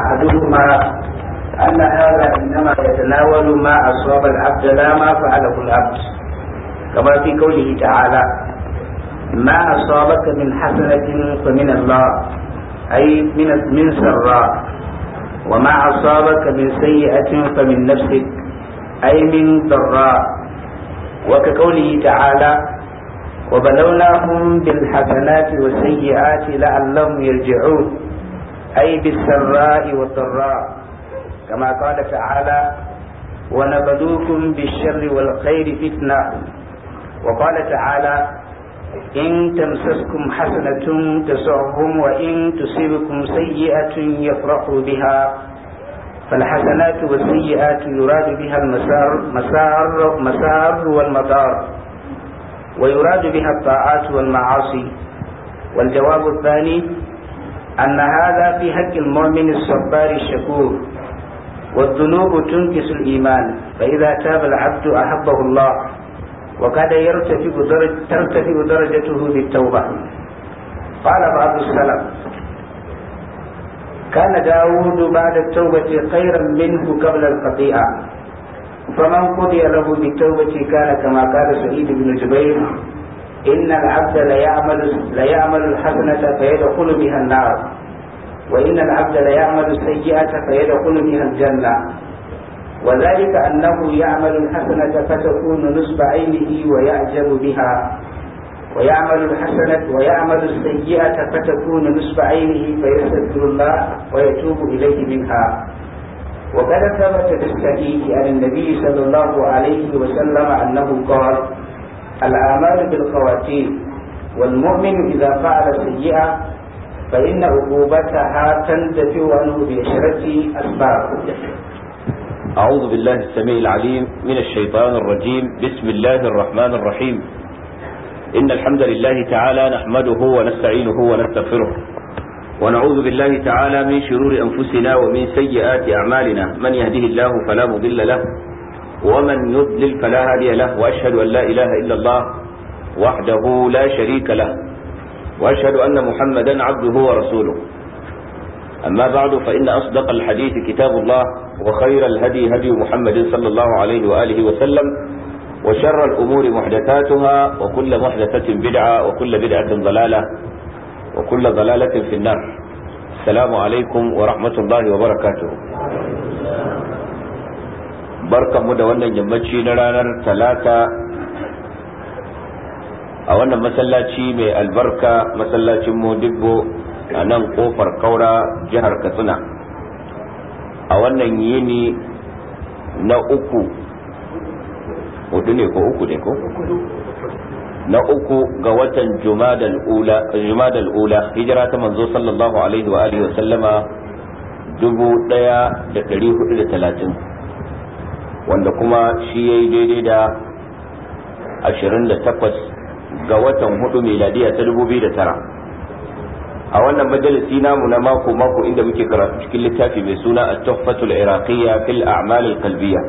أحدهما أن هذا إنما يتناول ما أصاب العبد لا ما فعله العبد كما في قوله تعالى ما أصابك من حسنة فمن الله أي من من سراء وما أصابك من سيئة فمن نفسك أي من ضراء وكقوله تعالى وبلوناهم بالحسنات والسيئات لعلهم يرجعون أي بالسراء والضراء كما قال تعالى ونبلوكم بالشر والخير فتنة وقال تعالى إن تمسسكم حسنة تسعهم وإن تصيبكم سيئة يفرحوا بها فالحسنات والسيئات يراد بها المسار مسار مسار والمدار ويراد بها الطاعات والمعاصي والجواب الثاني أن هذا في حق المؤمن الصبار الشكور والذنوب تنكس الإيمان فإذا تاب العبد أحبه الله وكاد يرتفع درج ترتفع درجته بالتوبة قال بعض السلف كان داود بعد التوبة خيرا منه قبل الخطيئة فمن قضي له بالتوبة كان كما قال سعيد بن جبير إن العبد ليعمل, ليعمل الحسنة فيدخل بها النار وإن العبد ليعمل السيئة فيدخل بها الجنة وذلك أنه يعمل الحسنة فتكون نصب عينه ويعجب بها ويعمل الحسنة ويعمل السيئة فتكون نصب عينه فيستر الله ويتوب إليه منها وقد ثبت في الصحيح عن النبي صلى الله عليه وسلم أنه قال الآمال بالخواتيم والمؤمن إذا فعل سيئة فإن عقوبتها تندفع عنه بعشرة أسباب أعوذ بالله السميع العليم من الشيطان الرجيم بسم الله الرحمن الرحيم إن الحمد لله تعالى نحمده ونستعينه ونستغفره ونعوذ بالله تعالى من شرور أنفسنا ومن سيئات أعمالنا من يهده الله فلا مضل له ومن يضلل فلا هادي له واشهد ان لا اله الا الله وحده لا شريك له واشهد ان محمدا عبده ورسوله اما بعد فان اصدق الحديث كتاب الله وخير الهدي هدي محمد صلى الله عليه واله وسلم وشر الامور محدثاتها وكل محدثه بدعه وكل بدعه ضلاله وكل ضلاله في النار السلام عليكم ورحمه الله وبركاته barkanmu da wannan yammaci na ranar talata a wannan masallaci mai albarka masallacin modibbo a nan kofar kaura jihar katsina a wannan yini na uku hudu ne ko uku ne ko na uku ga watan jumadal ula hijira ta manzo sallallahu alaihi wa alihi wa sallama dubu daya da dari hudu da talatin wanda kuma shi ya yi daidai da 28 ga watan hudu miladiya ta 2009 a wannan majalisi namu na mako mako inda muke karatu cikin littafi mai suna a tuhfatul iraqiyya fil a'mal al-qalbiyya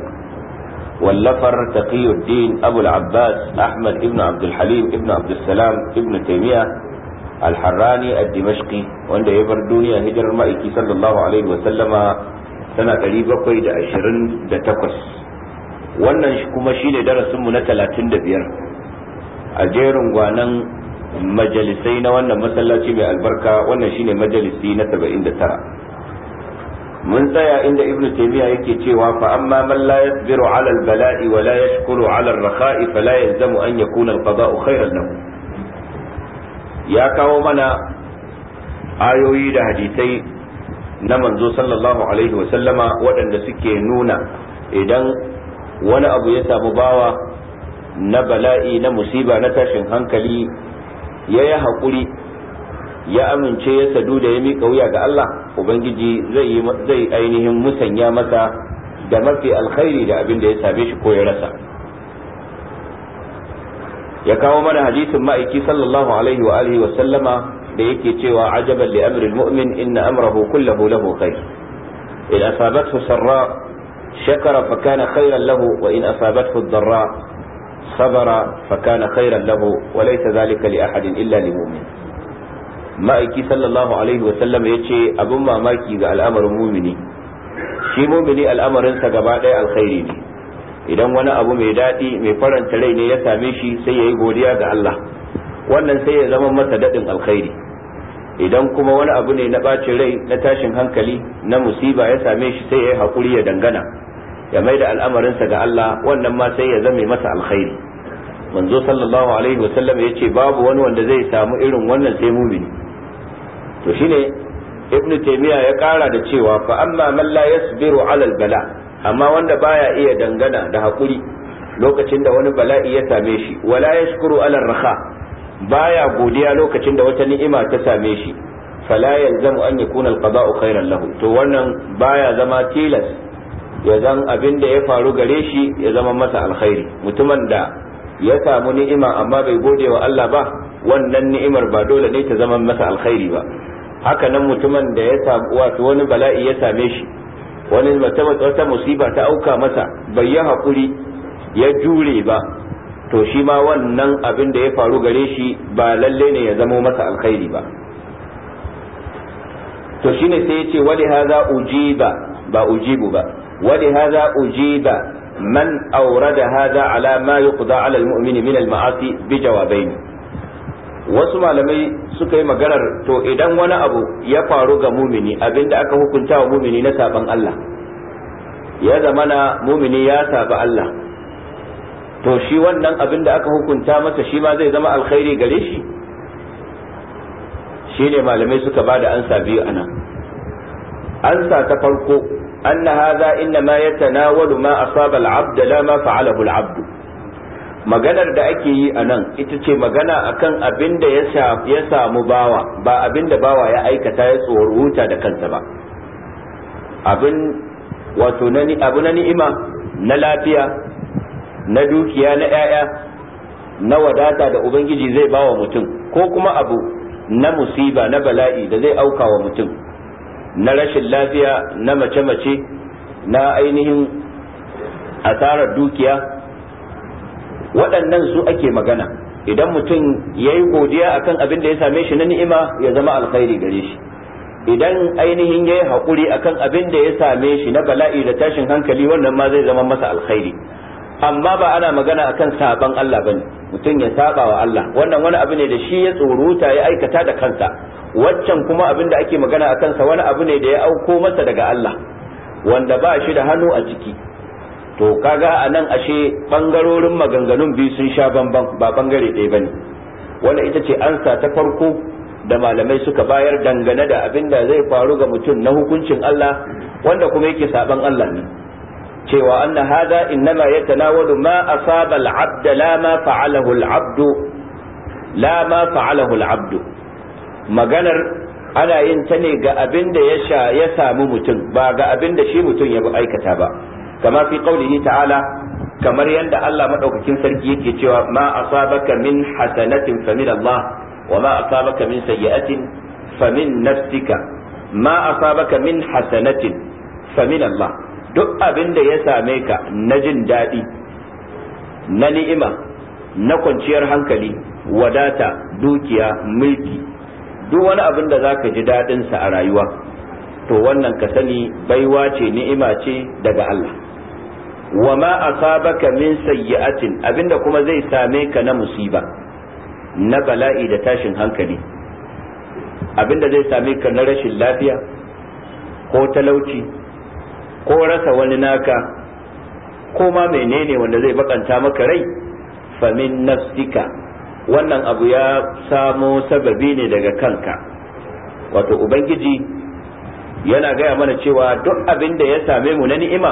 wallafar taqiyuddin abul abbas ahmad ibn abdul halim ibn abdul salam ibn taymiya al-harrani ad wanda ya bar duniya hijirar ma'aiki sallallahu alaihi wa sallama tana 728 wannan kuma shine darasinmu na talatin da biyar a jerin gwanan majalisai na wannan masallaci mai albarka wannan ne majalisi na saba'in da tara mun tsaya inda ibnu taymiya yake cewa fa amma man la yasbiru ala balai wa la yashkuru ala ar fa fala yalzamu an yakuna al khayran lahu ya kawo mana ayoyi da hadisai na manzo sallallahu alaihi wa sallama waɗanda suke nuna idan wani abu ya samu bawa na bala'i na musiba na tashin hankali ya yi haƙuri ya amince ya sadu da ya miƙa wuya ga Allah ubangiji zai ainihin musanya masa da mafi alkhairi da abin da ya same shi ko ya rasa ya kawo mana hadisin ma'aiki sallallahu alaihi wa alihi wa sallama da yake cewa ajaban li amril mu'min inna amrahu kullahu lahu khair in asabathu sarra shakara fa kana lahu wa in asabathu ad-darra sabara fa kana lahu wa laysa dhalika li ahadin illa lil mu'min ma'aiki sallallahu alaihi wa sallam yace abun mamaki ga al'amarin mumini shi mumini al'amarinsa gaba ɗaya alkhairi ne idan wani abu mai daɗi mai faranta rai ne ya same shi sai yayi godiya ga Allah wannan sai ya zama masa daɗin alkhairi idan kuma wani abu ne na bacin rai na tashin hankali na musiba ya same shi sai ya yi haƙuri ya dangana ya mai da al'amarinsa ga Allah wannan ma sai ya zame masa alkhairi manzo sallallahu alaihi wasallam ya ce babu wani wanda zai samu irin wannan sai mumini to shine ibnu taymiya ya kara da cewa fa amma man la yasbiru ala bala amma wanda baya iya dangana da haƙuri lokacin da wani bala'i ya same shi wala yashkuru ala raha baya godiya lokacin da wata ni'ima ta same shi fala yalzamu an yakuna alqada'u khairan lahu to wannan baya zama tilas ya zan abin da ya faru gare shi ya zama masa alkhairi mutumin da ya samu ni'ima amma bai gode wa Allah ba wannan ni'imar ba dole ne ta zama masa alkhairi ba haka nan mutumin da ya samu wato wani bala'i ya same shi wani wata musiba ta auka masa bai yi hakuri ya jure ba to shi ma wannan abin da ya faru gare shi ba lalle ne ya zamo masa alkhairi ba to shine sai ya ce wali haza ujiba ba ujibu ba wali haza ujiba man aurada haza ala ma yuqda ala almu'min min alma'asi bi jawabain wasu malamai suka yi maganar to idan wani abu ya faru ga mumini abinda aka hukunta wa mumini na saban Allah ya zamana mumini ya saba Allah to shi wannan abin da aka hukunta masa shi ma zai zama alkhairi gare shi shi ne malamai suka ba da ansa biyu a nan. ansa ta farko أن هذا إنما يتناول ما أصاب العبد ma ما فعله العبد maganar da ake yi a nan ita ce magana akan abin da ya samu bawa ba abin da bawa ya aikata ya tsoruta da kansa ba abin wato abu na ni'ima na lafiya na dukiya na 'ya'ya na wadata da ubangiji zai ba wa mutum ko kuma abu na musiba na bala'i da zai auka wa mutum na rashin lafiya na mace-mace na ainihin asarar dukiya waɗannan su ake magana idan mutum ya yi godiya kan abin da ya same shi na ni'ima ya zama alkhairi gare shi idan ainihin ya yi haƙuri a kan abin da ya same shi na bala'i da tashin hankali wannan ma zai zama masa alkhairi amma ba ana magana akan saban Allah bane mutum ya saba wa Allah wannan wani abu ne da shi ya tsoruta ya aikata da kansa waccan kuma abin da ake magana a kansa wani abu ne da ya auko masa daga Allah wanda ba shi da hannu a ciki to kaga a nan ashe bangarorin maganganun biyu sun sha bamban ba bangare ɗaya bane wannan ita ce ansa ta farko da malamai suka bayar dangane da abin da zai faru ga mutum na hukuncin Allah wanda kuma yake saban Allah ne cewa anna hada innama yatanawalu ma asaba al-abd la ma fa'alahu al-abd la ma fa'alahu al-abd maganar ana yin ta ne ga abin da ya ya samu mutum ba ga abin da shi mutum ya aikata ba kama fi qaulihi ta'ala kamar yadda Allah madaukakin sarki yake cewa ma asabaka min hasanatin fa min Allah wa ma asabaka min sayyi'atin fa min nafsika ma asabaka min hasanatin fa min Allah duk abin da ya same ka na jin daɗi na ni'ima na kwanciyar hankali wadata dukiya mulki duk wani abin da za ka ji daɗinsa a rayuwa to wannan ka sani baiwa ce ni'ima ce daga Allah wa ma asabaka min sayyi'atin abinda kuma zai same ka na musiba na bala'i da tashin hankali abinda zai same ka na rashin lafiya ko talauci ko rasa wani naka ko ma menene wanda zai bakanta maka rai famin nafsika wannan abu ya samo sababi ne daga kanka wato ubangiji yana gaya mana cewa duk abin da ya same mu na ni'ima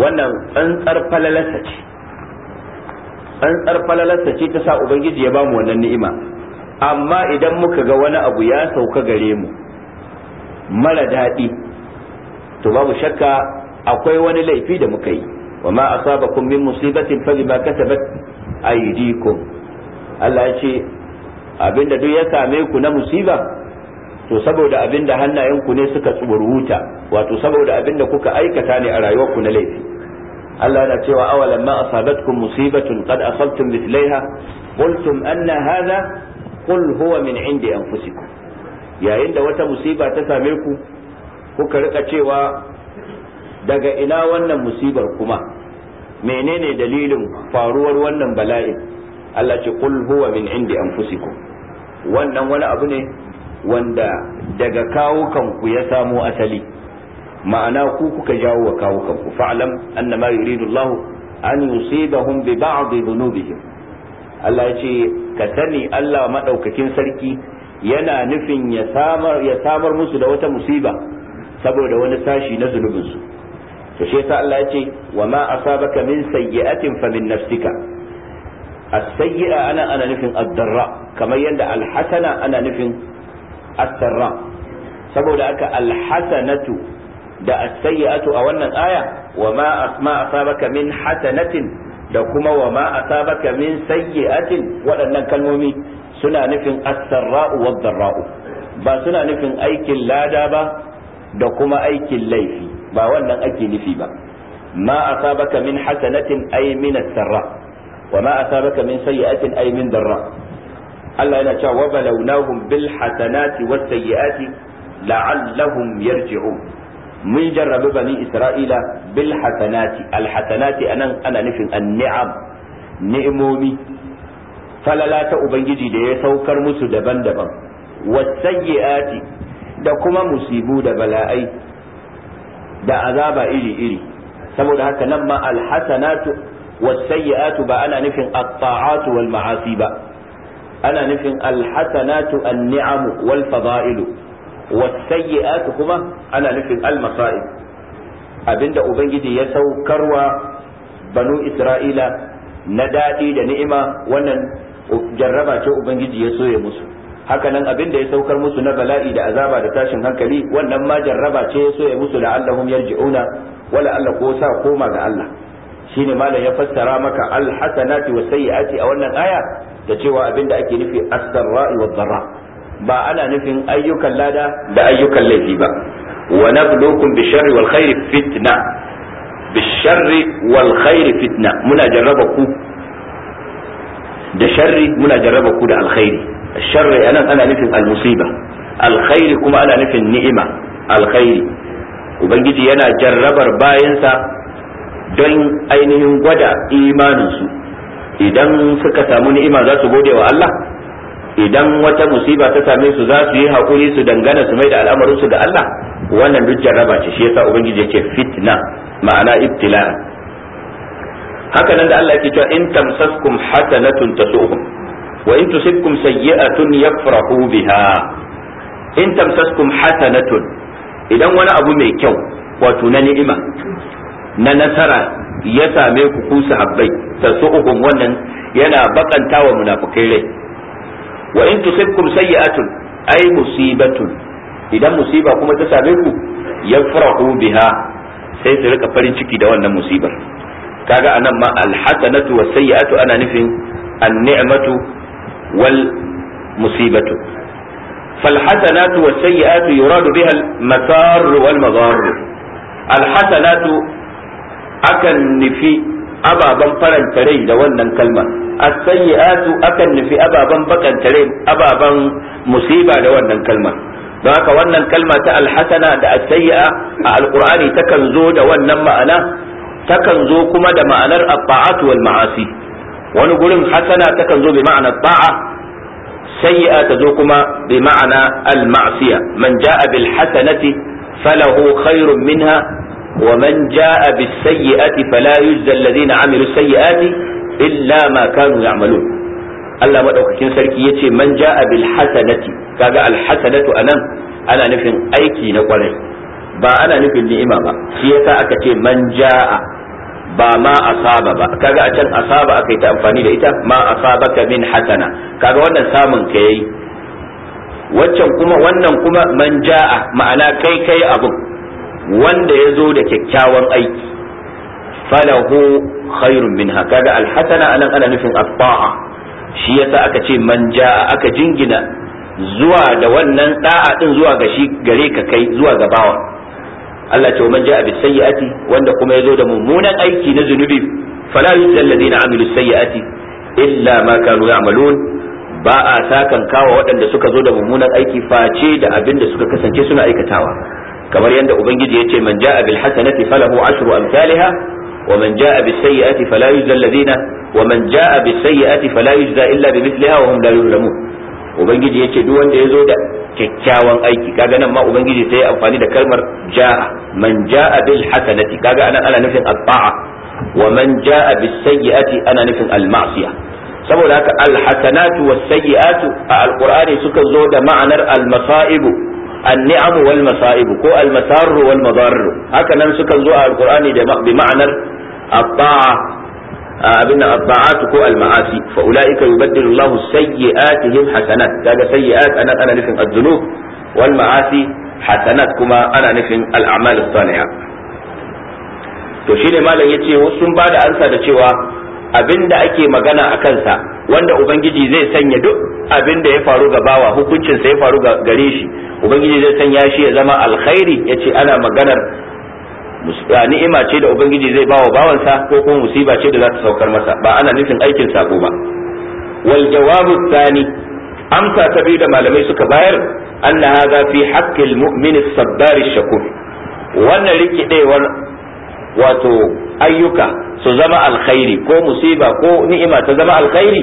wannan tsantsar falalarsa ce tsantsar falalarsa ce ta sa ubangiji ya ba mu wannan ni'ima amma idan muka ga wani abu ya sauka gare mu mara daɗi to babu shakka akwai wani laifi da muka yi wa ma asabakum min musibatin fa bima kasabat aydikum Allah ya ce abinda duk ya same ku na musiba to saboda abinda hannayenku ne suka tsuburuta wato saboda abinda kuka aikata ne a rayuwarku na laifi Allah yana cewa awalan ma asabatkum musibatun qad asabtum mithlaiha qultum anna hadha qul huwa min indi anfusikum yayin da wata musiba ta same ku kuka rika cewa daga ina wannan musibar kuma menene dalilin faruwar wannan bala'in Allah ce qul huwa min indi anfusikum wannan wani abu ne wanda daga ku ya samo asali ma'ana ku kuka jawo wa kawukanku fa'lam annama yuridu Allah an yusibahum bi ba'd dhunubihim Allah ce ka sani Allah madaukakin sarki yana nufin ya samar ya samar musu da wata musiba saboda wani sashi na zunubinsu to shi yasa Allah ya ce wa ma asabaka min sayyi'atin fa min nafsika as-sayyi'a ana ana nufin ad-darra kamar yadda al-hasana ana nufin as-sarra saboda aka al-hasanatu da as-sayyi'atu a wannan aya wa ma asma asabaka min hasanatin da kuma wa ma asabaka min sayyi'atin waɗannan kalmomi suna nufin as-sarra'u wad-darra'u ba suna nufin aikin lada ba da kuma aikin laifi ba wannan ake nufi ba ma asabaka min hasanatin ay min sarra wa ma asabaka min sayyi'atin ay min darra Allah yana cewa wa balawnahum bil hasanati was sayyi'ati la'allahum yarji'un mun jarrabi bani isra'ila bil hasanati al hasanati anan ana nufin an ni'am ni'imomi falala ta ubangiji da ya saukar musu daban-daban was sayyi'ati da kuma musibu da bala'ai da azaba iri-iri saboda haka nan ma alhasanatu wasayyi'atu ba ana nufin at-ta'atu wal ma'asi ana nufin alhasanatu an-ni'amu wal fada'ilu wasayyi'atu kuma ana nufin al-masa'ib abinda ubangiji ya saukarwa banu isra'ila na daɗi da ni'ima wannan jarraba ubangiji ya soya musu haka nan abin da ya saukar musu na bala'i da azaba da tashin hankali wannan ma jarraba ce ya so ya musu la'allahum yarji'una wala Allah ko sa koma ga Allah shine malam ya fassara maka alhasanati wa sayyiati a wannan aya da cewa abin da ake nufi as-sarra'i wad ba ana nufin ayyukan lada da ayyukan laifi ba wa nabluukum bisharri wal khairi fitna wal khairi fitna muna jarraba ku da sharri muna jarraba ku da alkhairi sharri anan ana nufin al-musiba alkhairi kuma ana nufin ni'ima alkhairi ubangiji yana jarrabar bayansa don ainihin gwada imaninsu idan suka samu ni'ima za su gode wa Allah idan wata musiba ta same su za su yi haƙuri su dangana su mai da al'amarinsu ga Allah wannan duk jarraba ce shi yasa ubangiji yake fitna ma'ana ibtila haka nan da Allah ya yake cewa in tamsaskum hasanatun tasu'ukum wa in tusibkum sayyi'atun yafrahu biha in tamsaskum hasanatun idan wani abu mai kyau wato na ni'ima na nasara ya same ku ku sahabbai tasu'ukum wannan yana baƙanta wa munafikai rai wa in tusibkum sayyi'atun ay musibatun idan musiba kuma ta same ku yafrahu biha sai su rika farin ciki da wannan musibar kaga anan ma alhasanatu was ana nufin anni'matu والمصيبة فالحسنات والسيئات يراد بها المسار والمضار الحسنات akan nufi ababen faranta rai da wannan kalma as-sayyi'atu akan nufi ababen bakanta rai ababen musiba da wannan kalma don haka wannan kalma ta alhasana da as-sayyi'a a alqur'ani takan zo da wannan ma'ana takan zo kuma da ma'anar at-ta'atu wal ma'asi wani gurin hasana takan zo bi ma'anar ta'a as ta zo kuma bi ma'ana al-ma'siya man ja'a bil hasanati falahu khairun minha wa man ja'a bis sayyi'ati fala yujza alladhina amilu sayyi'ati illa ma kanu ya'malun Allah madaukakin sarki yace man ja'a bil hasanati kaga al hasanatu anan ana nufin aiki na kwarai ba ana nufin ni'ima ba shi yasa aka ce man ja'a ba ma asaba ba kaga a can asaba aka yi ta amfani da ita ma asabaka min hasana kaga wannan samun ka yayi waccan kuma wannan kuma man ja'a ma'ana kai kai abu wanda ya zo da kyakkyawan aiki falahu khairun minha kaga alhasana anan ana nufin at-ta'a shi yasa aka ce man ja'a aka jingina zuwa da wannan da'a din zuwa ga shi gare ka kai zuwa ga bawa Allah ce man ja'a bis sayyi'ati wanda kuma yazo da mummunan aiki na zunubi fala yujzal ladina amilu sayyi'ati illa ma kanu ya'malun ba a sakan kawa waɗanda suka zo da mummunan aiki face da abin da suka kasance suna aikatawa kamar yadda ubangiji yace man ja'a bil hasanati falahu ashru amsalha wa man ja'a bis sayyi'ati fala yujzal ladina wa man ja'a bis sayyi'ati fala yujza illa bimithliha wa hum la yuzlamun ubangiji yace duk wanda ya zo da kyakkyawan aiki kaga nan ma ubangiji ta yi amfani da kalmar ja'a man ja'a bil hasanati kaga anan ana nufin at wa man ja'a bis sayyi'ati ana nufin al-ma'siyah saboda haka al-hasanatu was sayyi'atu a al suka zo da ma'anar al-masa'ibu an-ni'amu wal masa'ibu ko al-masarru wal madarru haka nan suka zo a al da bi ma'anar at abin nan abba'at ko al-ma'asi fa ulaika yubaddilu Allahu sayyi'atihim hasanat daga sayyi'at anan ana nufin az wal ma'asi hasanat kuma ana nufin al-a'mal as-salihah to shine malam yace sun sun da ansa da cewa abinda ake magana a kansa wanda ubangiji zai sanya duk abin da ya faru ga bawa hukuncin ya faru gare shi ubangiji zai sanya shi ya zama alkhairi yace ana maganar ni'ima ce da ubangiji zai bawa bawansa ko kuma musiba ce da za ta saukar masa ba ana nufin aikin sako ba wal jawabu tsani amsa ta biyu da malamai suka bayar anna hadha fi haqqil mu'min as-sabbar shakur wannan rikidewar wato ayyuka su zama alkhairi ko musiba ko ni'ima ta zama alkhairi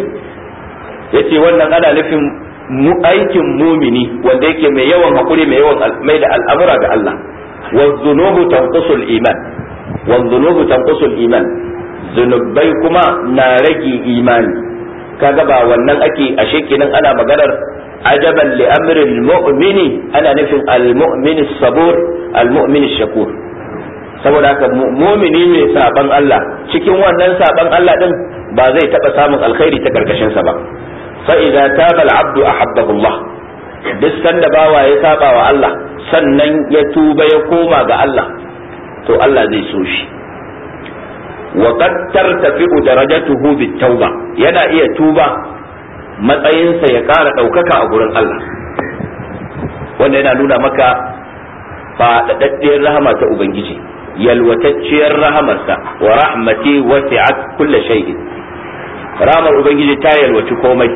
yace wannan ana nufin aikin mumini wanda yake mai yawan hakuri mai yawan mai da al'amura ga Allah والذنوب تنقص الإيمان والذنوب zunubai kuma na rage imani kaga ba wannan ake ashe kenan ana maganar ajaban li amril ana nufin al mu'mini sabur al mu'mini shakur saboda haka mumini mai saban Allah cikin wannan saban Allah ɗin ba zai taɓa samun alkhairi ta ƙarƙashinsa ba fa idza taba al abdu ahabbahu Allah duk sanda bawa ya saba wa Allah sannan ya tuba ya koma ga Allah to Allah zai so shi wa qad tartafi'u darajatuhu bit-tauba yana iya tuba matsayinsa ya ƙara ɗaukaka a gurin Allah wanda yana nuna maka faɗaɗɗiyar rahama ta Ubangiji yalwatacciyar rahamarsa wa rahmati wasi'at kulli shay'in rahmar Ubangiji ta yalwaci komai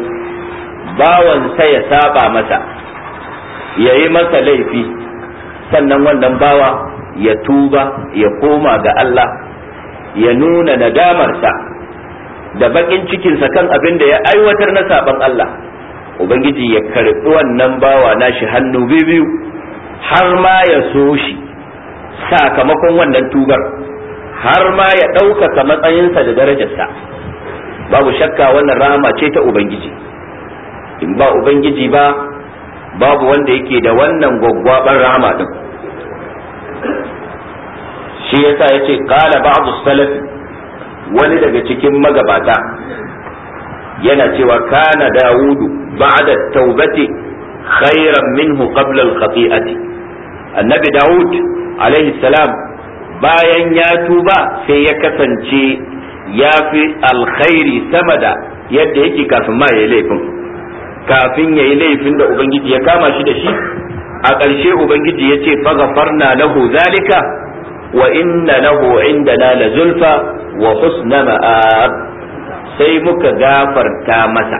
bawansa ya saba masa ya yi masa laifi sannan wannan bawa ya tuba ya koma ga Allah ya nuna nadamarsa da bakin cikinsa kan abin da ya aiwatar na saban Allah ubangiji ya karɓi wannan bawa nashi hannu biyu har ma ya so shi sakamakon wannan tubar har ma ya ɗaukaka matsayinsa da darajarsa babu shakka wannan rahama ce ta ubangiji in ba ubangiji ba babu wanda yake da wannan gwaggwaban rahama din shi yasa yace qala ba'd salaf wani daga cikin magabata yana cewa kana dawudu ba'da taubati khairan minhu qabla al-khati'ati annabi daud alayhi salam bayan ya tuba sai ya kasance ya fi alkhairi sama da yadda yake kafin ma ya laifin kafin yayi laifin da ubangiji ya kama shi da shi a ƙarshe ubangiji ya ce fagafarna lahu zalika wa inna lahu inda la zulfa wa husna ma'ab sai muka gafarta masa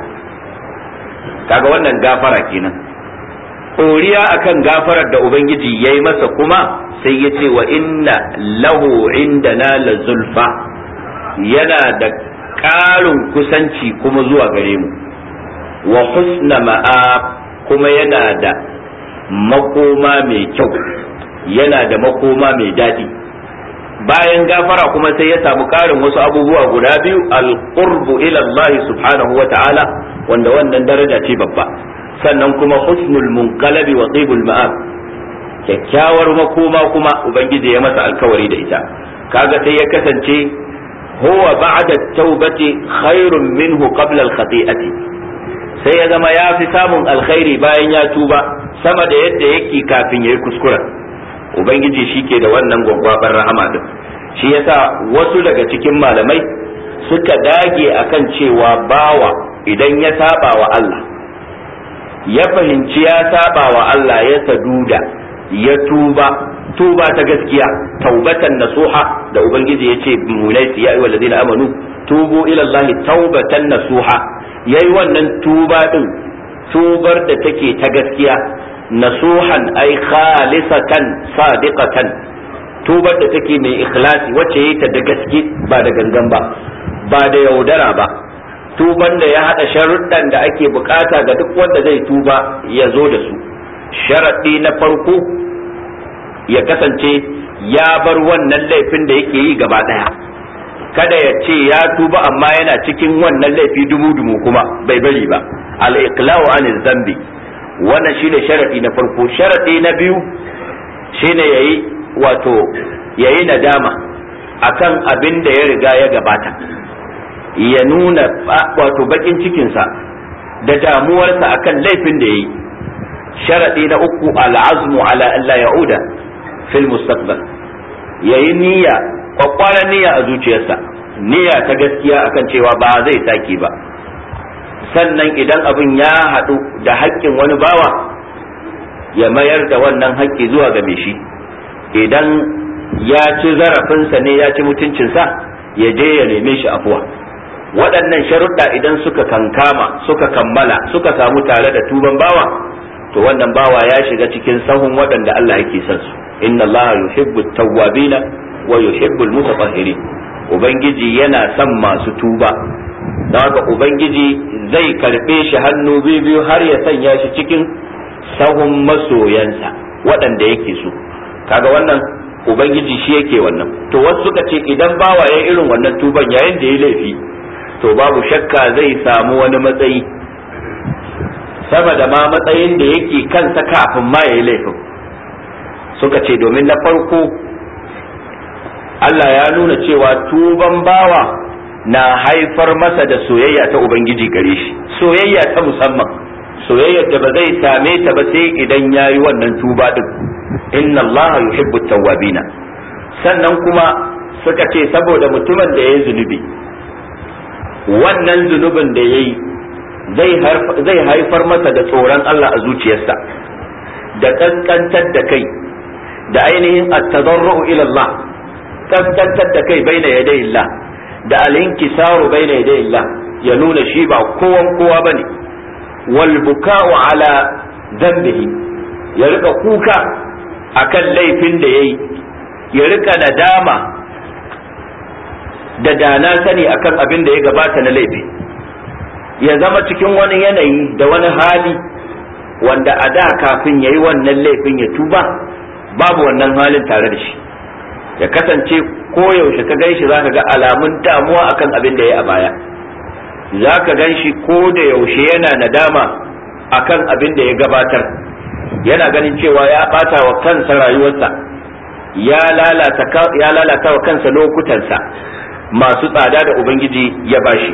kaga wannan gafara kenan koriya akan gafarar da ubangiji ya yi masa kuma sai ya ce wa inna lahu inda la zulfa yana da ƙarin kusanci kuma zuwa gare mu wa husna ma'ab kuma yana da makoma mai kyau yana da makoma mai daɗi bayan gafara kuma sai ya samu ƙarin wasu abubuwa guda biyu alqurbu ila Allah subhanahu wata'ala wanda wannan daraja ce babba sannan kuma husnul munqalabi wa tibul ma'ab kyakkyawar makoma kuma ubangiji ya masa alkawari da ita kaga sai ya kasance huwa ba'da taubati khairun minhu qabla al-khati'ati sai ya zama ya fi samun alkhairi bayan ya tuba sama da yadda yake kafin ya yi kuskuren ubangiji shi ke da wannan gwaggwabar rahama din shi yasa wasu daga cikin malamai suka dage a kan cewa bawa idan ya saba wa Allah ya fahimci ya saba wa Allah ya saduda ya tuba tuba ta gaskiya taubatan nasuha da ubangiji ya ce mulai ya yi wa amanu tubu ila Allah taubatan nasuha Ya yi wannan tuba din tubar da take ta gaskiya nasuhan ay khalisatan sadiqatan tubar da take mai ikhlasi wacce yayi ta da gaske ba da gangan ba ba da yaudara ba tuban da ya hada sharuɗan da ake bukata ga duk wanda zai tuba ya zo da su sharaɗi na farko ya kasance ya bar wannan laifin da yake yi gaba ɗaya kada ya ce ya tuba amma yana cikin wannan laifi dubu dubu kuma bai bari ba al-iqla'u anil zambi wannan shine sharadi na farko sharadi na biyu shine yayi wato yayi nadama akan abin da ya riga ya gabata ya nuna wato bakin cikinsa da damuwarsa akan laifin da yayi sharadi na uku al-azmu ala an la ya'uda fil mustaqbal yayi niyya kwakwaran niyya a zuciyarsa niyya ta gaskiya akan cewa ba zai sake ba sannan idan abin ya haɗu da haƙƙin wani bawa ya mayar da wannan haƙƙi zuwa ga shi idan ya ci zarafinsa ne ya ci mutuncinsa ya je ya neme shi afuwa waɗannan sharuɗa idan suka kankama suka kammala suka samu tare da tuban bawa to wannan bawa ya shiga cikin sahun waɗanda Allah yake son su inna Allah yuhibbu tawwabina wa yuhibbul mutatahhiri ubangiji yana son masu tuba don haka ubangiji zai karbe shi hannu bibiyu har ya sanya shi cikin sahun masoyansa waɗanda yake so kaga wannan ubangiji shi yake wannan to wasu suka ce idan bawa ya irin wannan tuban yayin da ya laifi to babu shakka zai samu wani matsayi sama da ma matsayin da yake kansa kafin ma ya yi laifin suka ce domin na farko Allah ya nuna cewa tuban bawa na haifar masa da soyayya ta ubangiji gare shi soyayya ta musamman soyayya da ba zai same ta ba sai idan ya yi wannan tuba din inna Allah yuhibbu tawabina. sannan kuma suka ce saboda mutumin da ya yi zunubi wannan zunubin da ya yi zai haifar masa da tsoron Allah a zuciyarsa da ƙanƙantar da kai da ainihin at-tadarru ila Allah kaskantar da kai bai baina yadai Allah da saru bai baina yadai Allah ya nuna shi ba kowan kowa bane Walbuka wa ala dhanbihi ya rika kuka a kan laifin da ya yi, ya rika nadama da dana sani a kan abin da ya gabata na laifi ya zama cikin wani yanayi da wani hali wanda a da kafin ya yi wannan laifin ya tuba babu wannan halin tare da shi ya kasance ko yaushe ka gan shi za ka ga alamun damuwa akan abin da ya a baya za ka gan shi ko da yaushe yana nadama akan abin da ya gabatar yana ganin cewa ya bata wa kansa rayuwarsa ya lalata wa kansa lokutansa masu tsada da ubangiji ya bashi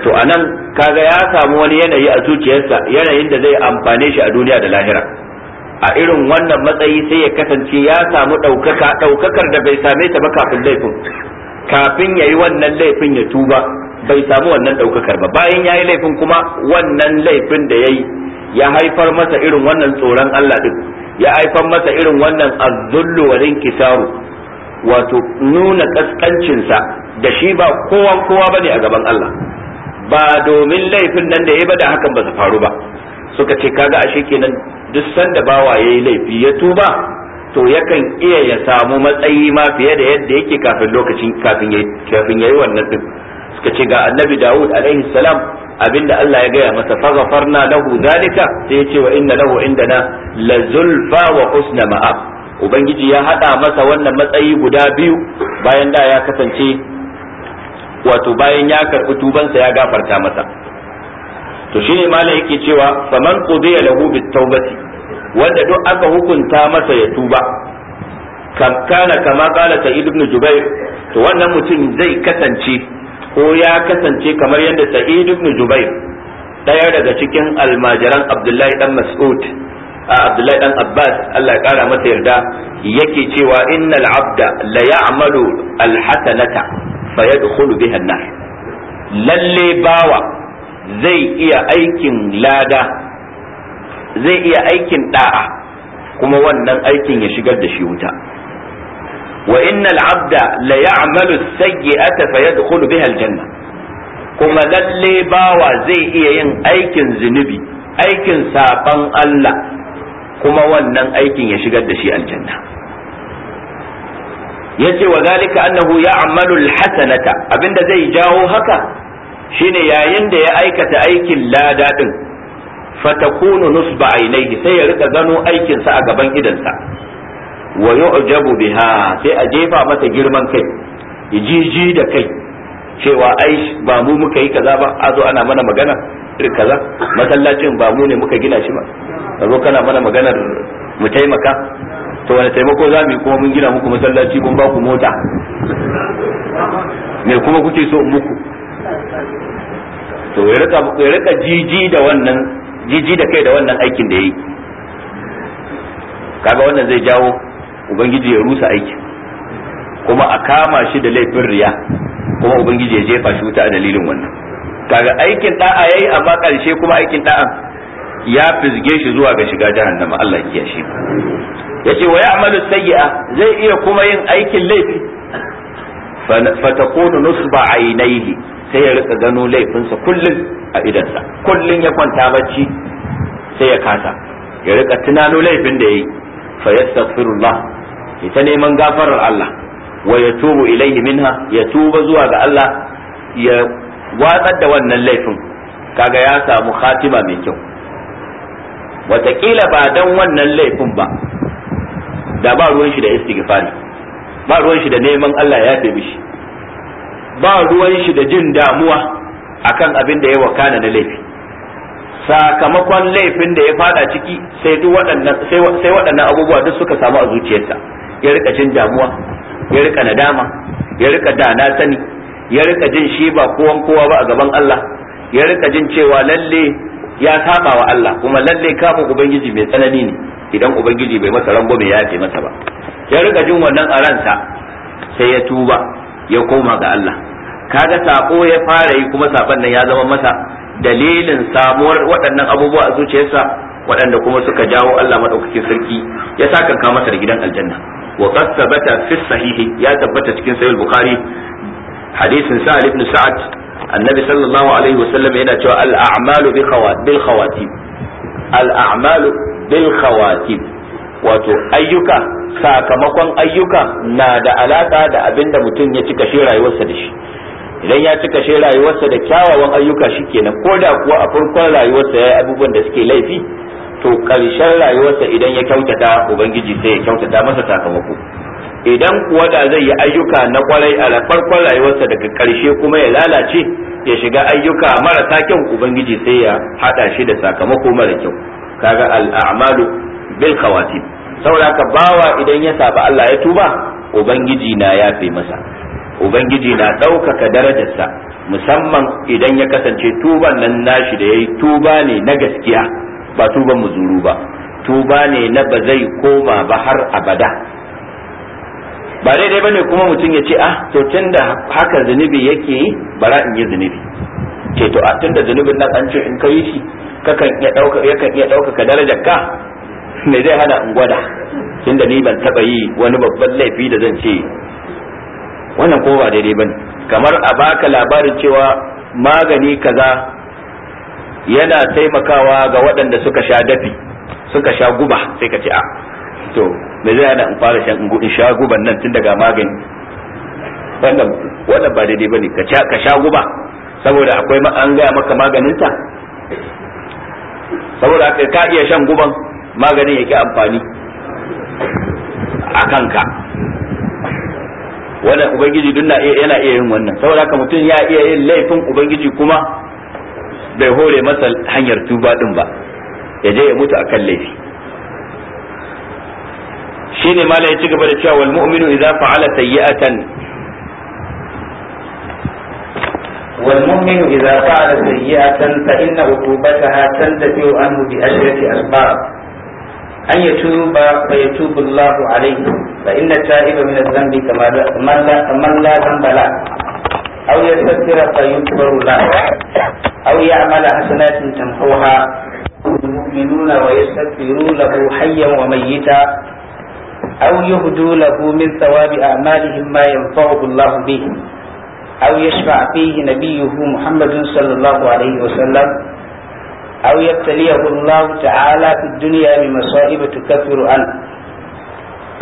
to anan kaga ya samu wani yanayi a zuciyarsa yanayin da zai amfane shi a duniya da lahira a irin wannan matsayi sai ya kasance ya samu ɗaukaka ɗaukakar da bai same ta ba kafin laifin kafin ya yi wannan laifin ya tuba bai samu wannan ɗaukakar ba bayan ya yi laifin kuma wannan laifin da ya yi ya haifar masa irin wannan tsoron Allah ɗin ya haifar masa irin wannan azzullu wa kisaru wato nuna kaskancinsa da shi ba kowa kowa bane a gaban Allah ba domin laifin nan da ya yi ba da hakan ba su faru ba suka ce kaga ashe kenan duk sanda bawa yayi laifi ya tuba to yakan iya ya samu matsayi ma fiye da yadda yake kafin lokacin kafin yayi kafin yayi wannan din suka ce ga annabi Dawud alaihi salam abinda Allah ya gaya masa fa ghafarna lahu zalika sai ya ce wa inna lahu indana la zulfa wa husna ma'ab ubangiji ya hada masa wannan matsayi guda biyu bayan da ya kasance wato bayan ya karbi tubansa ya gafarta masa to shine mala yake cewa faman qudiya lahu bitawbati wanda duk aka hukunta masa ya tuba kam kana kama qala sa'id ibn jubair to wannan mutum zai kasance ko ya kasance kamar yadda sa'id ibn jubair daya daga cikin almajiran abdullahi dan mas'ud a abdullahi dan abbas Allah ya kara masa yarda yake cewa innal abda la ya'malu alhasanata fayadkhulu biha an-nar lalle bawa zai iya aikin lada zai iya aikin da'a kuma wannan aikin ya shigar da shi wuta wa innal abda la ya'malu sayyi'ata fayadkhulu biha aljanna kuma lalle bawa zai iya yin aikin zunubi aikin saban Allah kuma wannan aikin ya shigar da shi aljanna yace wa zalika annahu ya'malu alhasanata abinda zai jawo haka shine yayin da ya aikata aikin lada din fatakunu nusba ainihi sai ya rika gano aikinsa a gaban idansa wa yu'jabu biha sai a jefa mata girman kai jiji da kai cewa ai ba mu muka yi kaza ba a zo ana mana magana ir kaza masallacin ba mu ne muka gina shi ba Azo zo kana mana maganar mu taimaka to wani taimako za mu yi kuma mun gina muku masallaci mun ba ku mota me kuma kuke so muku to ya rika ya rika jiji da wannan jiji da kai da wannan aikin da yayi kaga wannan zai jawo ubangiji ya rusa aikin kuma a kama shi da laifin riya kuma ubangiji ya jefa shi wuta a dalilin wannan kaga aikin da'a yayi amma karshe kuma aikin da'a ya fizge shi zuwa ga shiga jahannama Allah ya shi yace wa ya'malu sayyi'a zai iya kuma yin aikin laifi fatakunu nusba ainihi sai ya rika gano sa kullum a sa. kullum ya kwanta bacci sai ya kasa ya rika tunano laifin da yayi fa yastaghfirullah ya ta neman gafarar Allah wa yatubu ilaihi minha ya tuba zuwa ga Allah ya watsar da wannan laifin kaga ya samu khatima mai kyau watakila ba dan wannan laifin ba da ba ruwan shi da istighfari ba ruwan shi da neman Allah ya fi mishi ba ruwan shi da jin damuwa akan abin da ya wakana na laifi sakamakon laifin da ya fada ciki sai duk waɗannan sai waɗannan abubuwa duk suka samu a zuciyarsa ya rika jin damuwa ya rika nadama ya rika dana sani ya rika jin shi ba kowan kowa ba a gaban Allah ya rika jin cewa lalle ya saba wa Allah kuma lalle kafin ubangiji mai tsanani ne idan ubangiji bai masa rango mai yafe masa ba ya rika jin wannan a ransa sai ya tuba ya koma ga Allah kaga sako ya fara yi kuma saban nan ya zama masa dalilin samuwar waɗannan abubuwa a zuciyarsa waɗanda kuma suka jawo Allah madaukakin sarki ya saka ka masa da gidan aljanna wa qad thabata fi sahihi ya tabbata cikin sahih bukhari hadisin sa'ad ibn sa'ad annabi sallallahu alaihi wasallam yana cewa al a'malu bi khawatim al a'malu bil khawatim wato ayyuka sakamakon ayyuka na da alaka da abin da mutum ya cika shi rayuwarsa da shi idan ya cika shi rayuwarsa da kyawawan ayyuka shi kenan ko da kuwa a farkon rayuwarsa ya yi abubuwan da suke laifi to ƙarshen rayuwarsa idan ya kyautata ubangiji sai ya kyautata masa sakamako idan kuwa da zai yi ayyuka na kwarai a farkon rayuwarsa daga karshe kuma ya lalace ya shiga ayyuka marasa kyau ubangiji sai ya haɗa shi da sakamako mara kyau kaga al'amalu bil khawatim saboda ka bawa idan ya saba Allah ya tuba ubangiji na ya yafe masa ubangiji na ɗaukaka darajarsa musamman idan ya kasance tuban nan nashi da yayi tuba ne na gaskiya ba tuban muzuru ba tuba ne na ba zai koma ba har abada ba daidai bane kuma mutum ya ce ah to tunda haka zunubi yake yi bara in yi zunubi ce to a tunda zunubin nan an ce in kai shi kakan iya ɗaukaka yakan iya ɗaukaka darajar ka me zai hana in gwada tunda ni ban taba yi wani babban laifi da zan ce wannan ko ba daidai bane kamar a baka labarin cewa magani kaza yana taimakawa ga waɗanda suka sha dafi suka sha guba sai ka ce a ah, to me zai hana in fara shan in sha guban nan tun daga magani wannan wannan ba daidai bane ka ka sha guba saboda akwai an gaya maka maganinta saboda ka iya shan guban maganin ya yake amfani a kanka wannan ubangiji duk yana iya yin wannan saboda haka mutum ya iya yin laifin ubangiji kuma bai hore masa hanyar tuba din ba ya je ya mutu akan laifi shine mala ya ci gaba da cewa wal mu'minu idza fa'ala sayyi'atan wal mu'minu idza fa'ala sayyi'atan fa inna uqubataha tandafi'u anhu bi ashrati asbab أن يتوب فيتوب الله عليه فإن التائب من الذنب كمن لا ذنب له أو يستغفر فيغفر له أو يعمل حسنات تمحوها المؤمنون ويستغفروا له حيا وميتا أو يهدوا له من ثواب أعمالهم ما ينفعه الله به أو يشفع فيه نبيه محمد صلى الله عليه وسلم أو يبتليه الله تعالى في الدنيا بمصائب تكفر عنه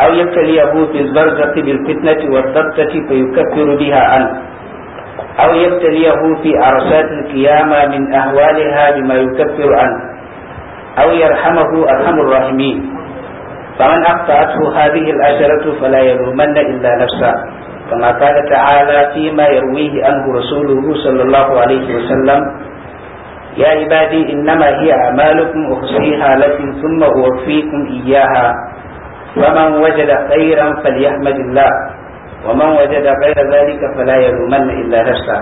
أو يبتليه في البرزخ بالفتنة والضبطة فيكفر بها عنه أو يبتليه في عرصات القيامة من أهوالها بما يكفر عنه أو يرحمه أرحم الراحمين فمن أخطأته هذه العشرة فلا يلومن إلا نفسه كما قال تعالى فيما يرويه عنه رسوله صلى الله عليه وسلم يا عبادي إنما هي أعمالكم أخشيها لكم ثم أوفيكم إياها فمن وجد خيرا فليحمد الله ومن وجد غير ذلك فلا يلومن إلا نفسه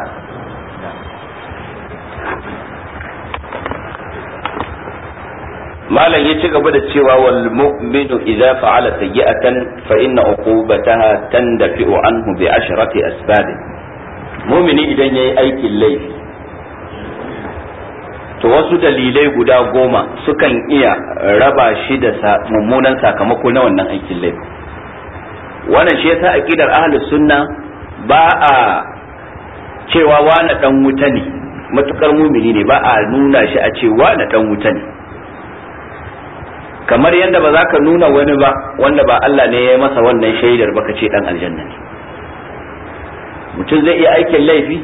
ما لن يتقبل سوى والمؤمن إذا فعل سيئة فإن عقوبتها تندفئ عنه بعشرة أسباب مؤمن إذا أي الليل to wasu dalilai guda goma sukan iya raba shi da mummunan sakamako na wannan aikin laifi wannan shi yasa aqidar ahli sunna ba a cewa wani dan wuta ne matukar mumini ne ba a nuna shi a ce wani dan wuta ne kamar yadda ba za ka nuna wani ba wanda ba Allah ne ya yi masa wannan shaidar ba ka ce dan aljanna ne mutum zai iya aikin laifi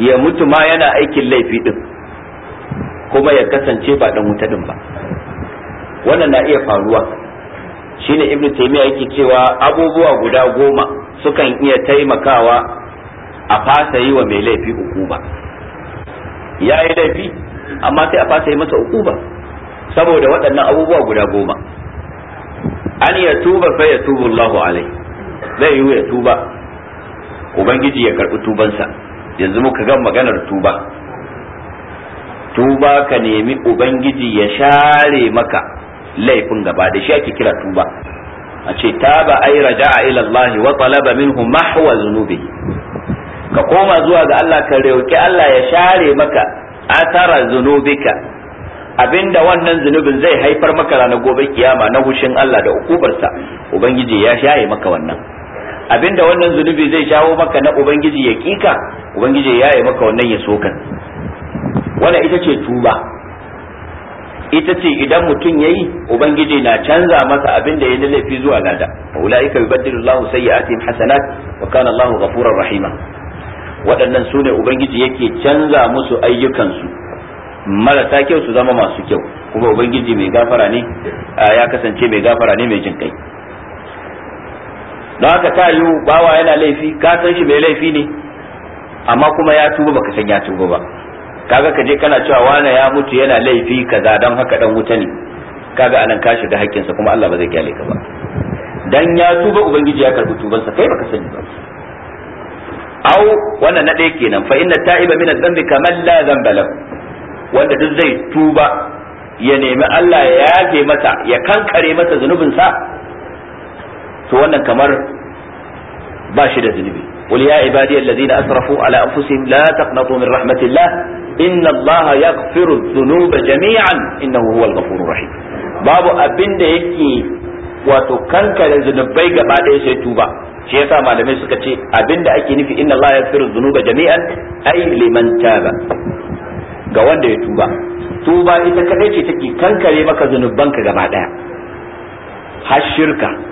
ya mutu ma yana aikin laifi din kuma ya kasance ba dan wuta din ba wannan na iya faruwa shine ibnu taymiya yake cewa abubuwa guda goma sukan iya taimakawa a fasa yi wa mai laifi hukuma ya yi laifi amma sai a fasa yi masa hukuma saboda waɗannan abubuwa guda goma an ya tuba fa ya tubu Allahu alai zai yi ya tuba ubangiji ya karɓi tubansa yanzu muka gan maganar tuba tuba ka nemi ubangiji ya share maka laifin gaba da shi ake kira tuba a ce ta ba ai raja'a ila Allah wa talaba minhu mahwa zunubi ka koma zuwa ga Allah ka roki Allah ya share maka atara zunubika abinda wannan zunubin zai haifar maka ranar gobe kiyama na hushin Allah da ukubarsa ubangiji ya shaye maka wannan abinda wannan zunubi zai shawo maka na ubangiji ya kika ubangiji ya yi maka wannan ya sokan wannan ita ce tuba ita ce idan mutum yayi ubangiji na canza masa abin da ya yi laifi zuwa lada ulaika yubaddilu Allahu sayyi'atihim hasanat wa kana Allahu ghafurur rahima waɗannan sune ne ubangiji yake canza musu ayyukansu marasa kyau su zama masu kyau kuma ubangiji mai gafara ne ya kasance mai gafara ne mai jin kai don haka ta bawa yana laifi ka san shi mai laifi ne amma kuma ya tuba baka san ya tuba ba kaga ka je kana cewa wane ya mutu yana laifi kaza dan haka dan wuta ne kaga anan ka shiga haƙƙinsa kuma Allah ba zai kyale ka ba dan ya tuba ubangiji ya karbi tubansa kai baka sani ba au wannan na ɗaya kenan fa inna ta'iba min adh-dhanbi kaman la dhanba wanda duk zai tuba ya nemi Allah ya yafe masa ya kankare masa zunubin to wannan kamar ba shi da zunubi قل يا عبادي الذين أسرفوا على أنفسهم لا تقنطوا من رحمة الله إن الله يغفر الذنوب جميعا إنه هو الغفور الرحيم باب أبن يكي وتكنك لذنبي بعد سيتوبا shi yasa malamai suka ce abinda ake nufi inna Allah yaghfiru dhunuba jami'an ay liman taba ga wanda ya tuba tuba ita kadai ce take kankare maka zunubanka gaba daya har shirka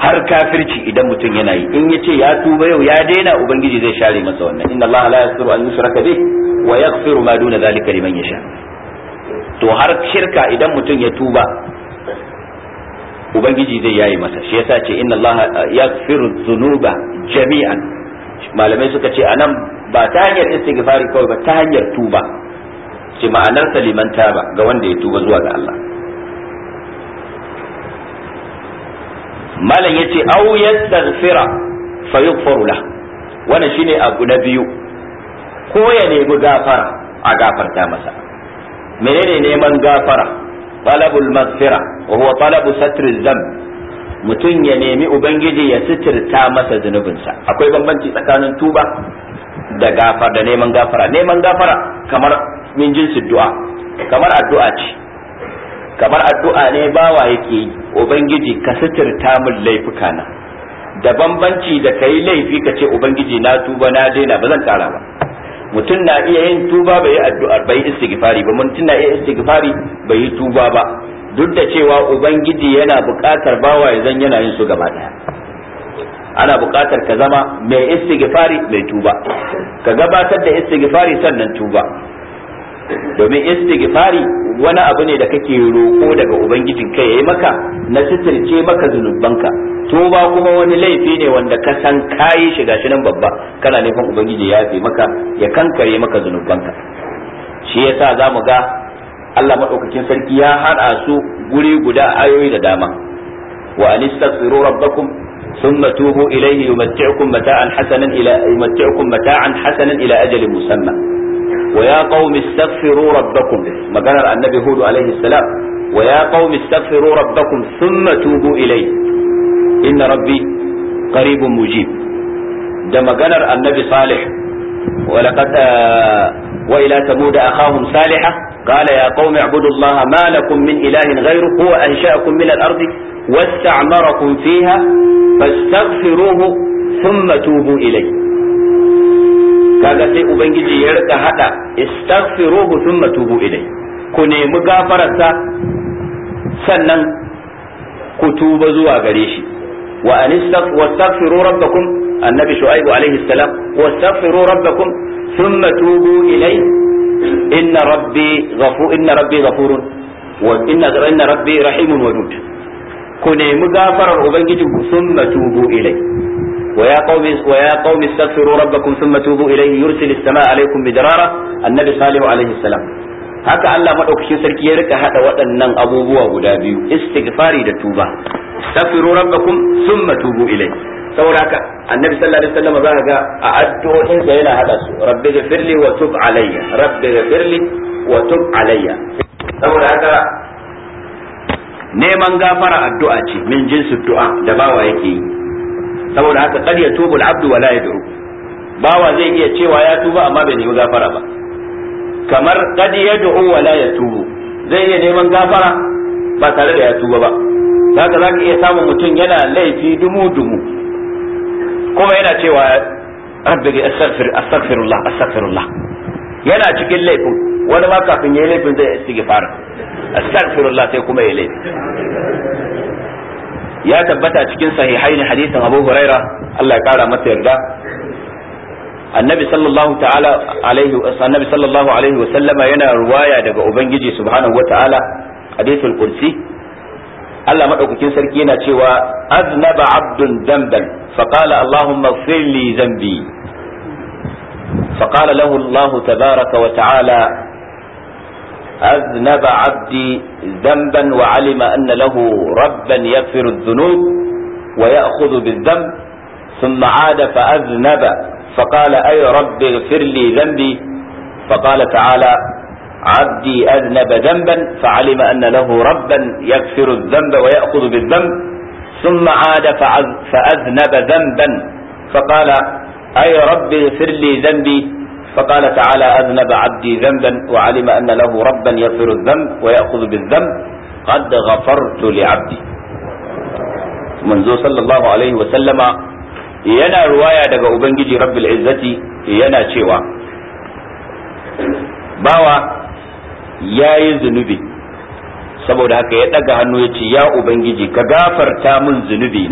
har kafirci idan mutum yana yi in yace ya tuba yau ya daina ubangiji zai share masa wannan inna allaha la yaghfiru an yushraka bih wa yaghfiru ma duna zalika liman yasha to har shirka idan mutum ya tuba ubangiji zai yayi masa shi yasa ce inna allaha yaghfiru dhunuba jami'an malamai suka ce anan ba ta hanyar istighfari kawai ba ta hanyar tuba ce ma'anar saliman taba ga wanda ya tuba zuwa ga Allah malam yace ya yastaghfira fa yughfaru wani shi shine abu na biyu ko ya nemi gafara a gafarta masa menene neman gafara talabul masfira wa huwa talabu satri mutum ya nemi ubangiji ya sitirta masa zunubinsa akwai bambanci tsakanin tuba da gafar da neman gafara neman gafara kamar min jinsu du'a kamar addu'a ce kamar addu'a ne bawa yake yi ubangiji ka suturta min laifuka na da bambanci da kai laifi ka ce ubangiji na tuba na daina ba zan kara ba mutum na iya yin tuba bai yi addu'a bai yi istighfari ba mutum na iya istighfari bai yi tuba ba duk da cewa ubangiji yana buƙatar bawa ya zan yana yin su gaba ɗaya. ana buƙatar ka zama mai istighfari mai tuba ka gabatar da istighfari sannan tuba domin istighfari wani abu ne da kake roko daga ubangijin kai yayi maka na sitirce maka zunubanka tuba kuma wani laifi ne wanda ka san kayi shi gashi nan babba kana nufin ubangiji ya yafe maka ya kankare maka zunubanka shi yasa zamu ga Allah madaukakin sarki ya hada su guri guda ayoyi da dama wa anistaghfiru rabbakum ثم توبوا إليه يمتعكم متاعا حسنا إلى يمتعكم متاعا حسنا إلى أجل مسمى ويا قوم استغفروا ربكم ما قال النبي هود عليه السلام ويا قوم استغفروا ربكم ثم توبوا إليه إن ربي قريب مجيب ده مجانا النبي صالح ولقد آه، وإلى ثمود أخاهم صالحة قال يا قوم اعبدوا الله ما لكم من إله غيره هو أنشأكم من الأرض واستعمركم فيها فاستغفروه ثم توبوا إليه kaga sai ubangiji ya rika hada istaghfiruhu thumma tubu ilai ku nemi gafararsa sannan ku tuba zuwa gare shi wa an istaghfiru rabbakum annabi shu'aib alaihi salam wastaghfiru rabbakum thumma tubu ilai inna rabbi ghafur inna rabbi ghafur wa inna inna rabbi rahimun wadud ku nemi gafarar ku thumma tubu ilai ويا قوم ويا قوم استغفروا ربكم ثم توبوا اليه يرسل السماء عليكم بدراره النبي صالح عليه السلام haka Allah madaukakin sarki ya rika hada waɗannan abubuwa guda biyu istighfari da tuba astaghfiru rabbakum thumma tubu ilai. saboda haka annabi sallallahu alaihi wasallam ka ga a addu'o'in sa yana hada su rabbi ghfirli wa tub alayya rabbi wa tub alayya haka neman gafara addu'a ce min jinsu du'a da bawa yake yi saboda haka qad yatubu al-abdu wala ya duru bawa zai iya cewa ya tuba amma bai nemi gafara ba kamar ya du'u wala ya tubu zai iya neman gafara ba tare da ya tuba ba haka zaka iya samun mutum yana laifi dumu dumu kuma yana cewa rabbi astaghfir astaghfirullah astaghfirullah yana cikin laifin wani ma kafin yayi laifin zai istighfar astaghfirullah sai kuma yayi laifi ya tabbata cikin sahihaini hadisin Abu Huraira Allah ya kara masa yarda annabi sallallahu ta'ala alaihi annabi sallallahu alaihi wa sallama yana ruwaya daga ubangiji subhanahu wa ta'ala hadithul qudsi Allah madaukakin sarki yana cewa aznaba abdun dambal faqala allahumma ighfir li dhanbi فقال allah الله wa ta'ala. أذنب عبدي ذنبا وعلم أن له ربا يغفر الذنوب ويأخذ بالذنب ثم عاد فأذنب فقال أي رب اغفر لي ذنبي فقال تعالى عبدي أذنب ذنبا فعلم أن له ربا يغفر الذنب ويأخذ بالذنب ثم عاد فأذنب ذنبا فقال أي رب اغفر لي ذنبي فقال تعالى أذنب عبدي ذنبا وعلم أن له ربا يغفر الذنب ويأخذ بالذنب قد غفرت لعبدي منذ صلى الله عليه وسلم ينا رواية دقى أبنجي رب العزة ينا شوى باوى يا يذنبي saboda haka ya ɗaga hannu ya ce ya ubangiji ka gafarta mun zunubi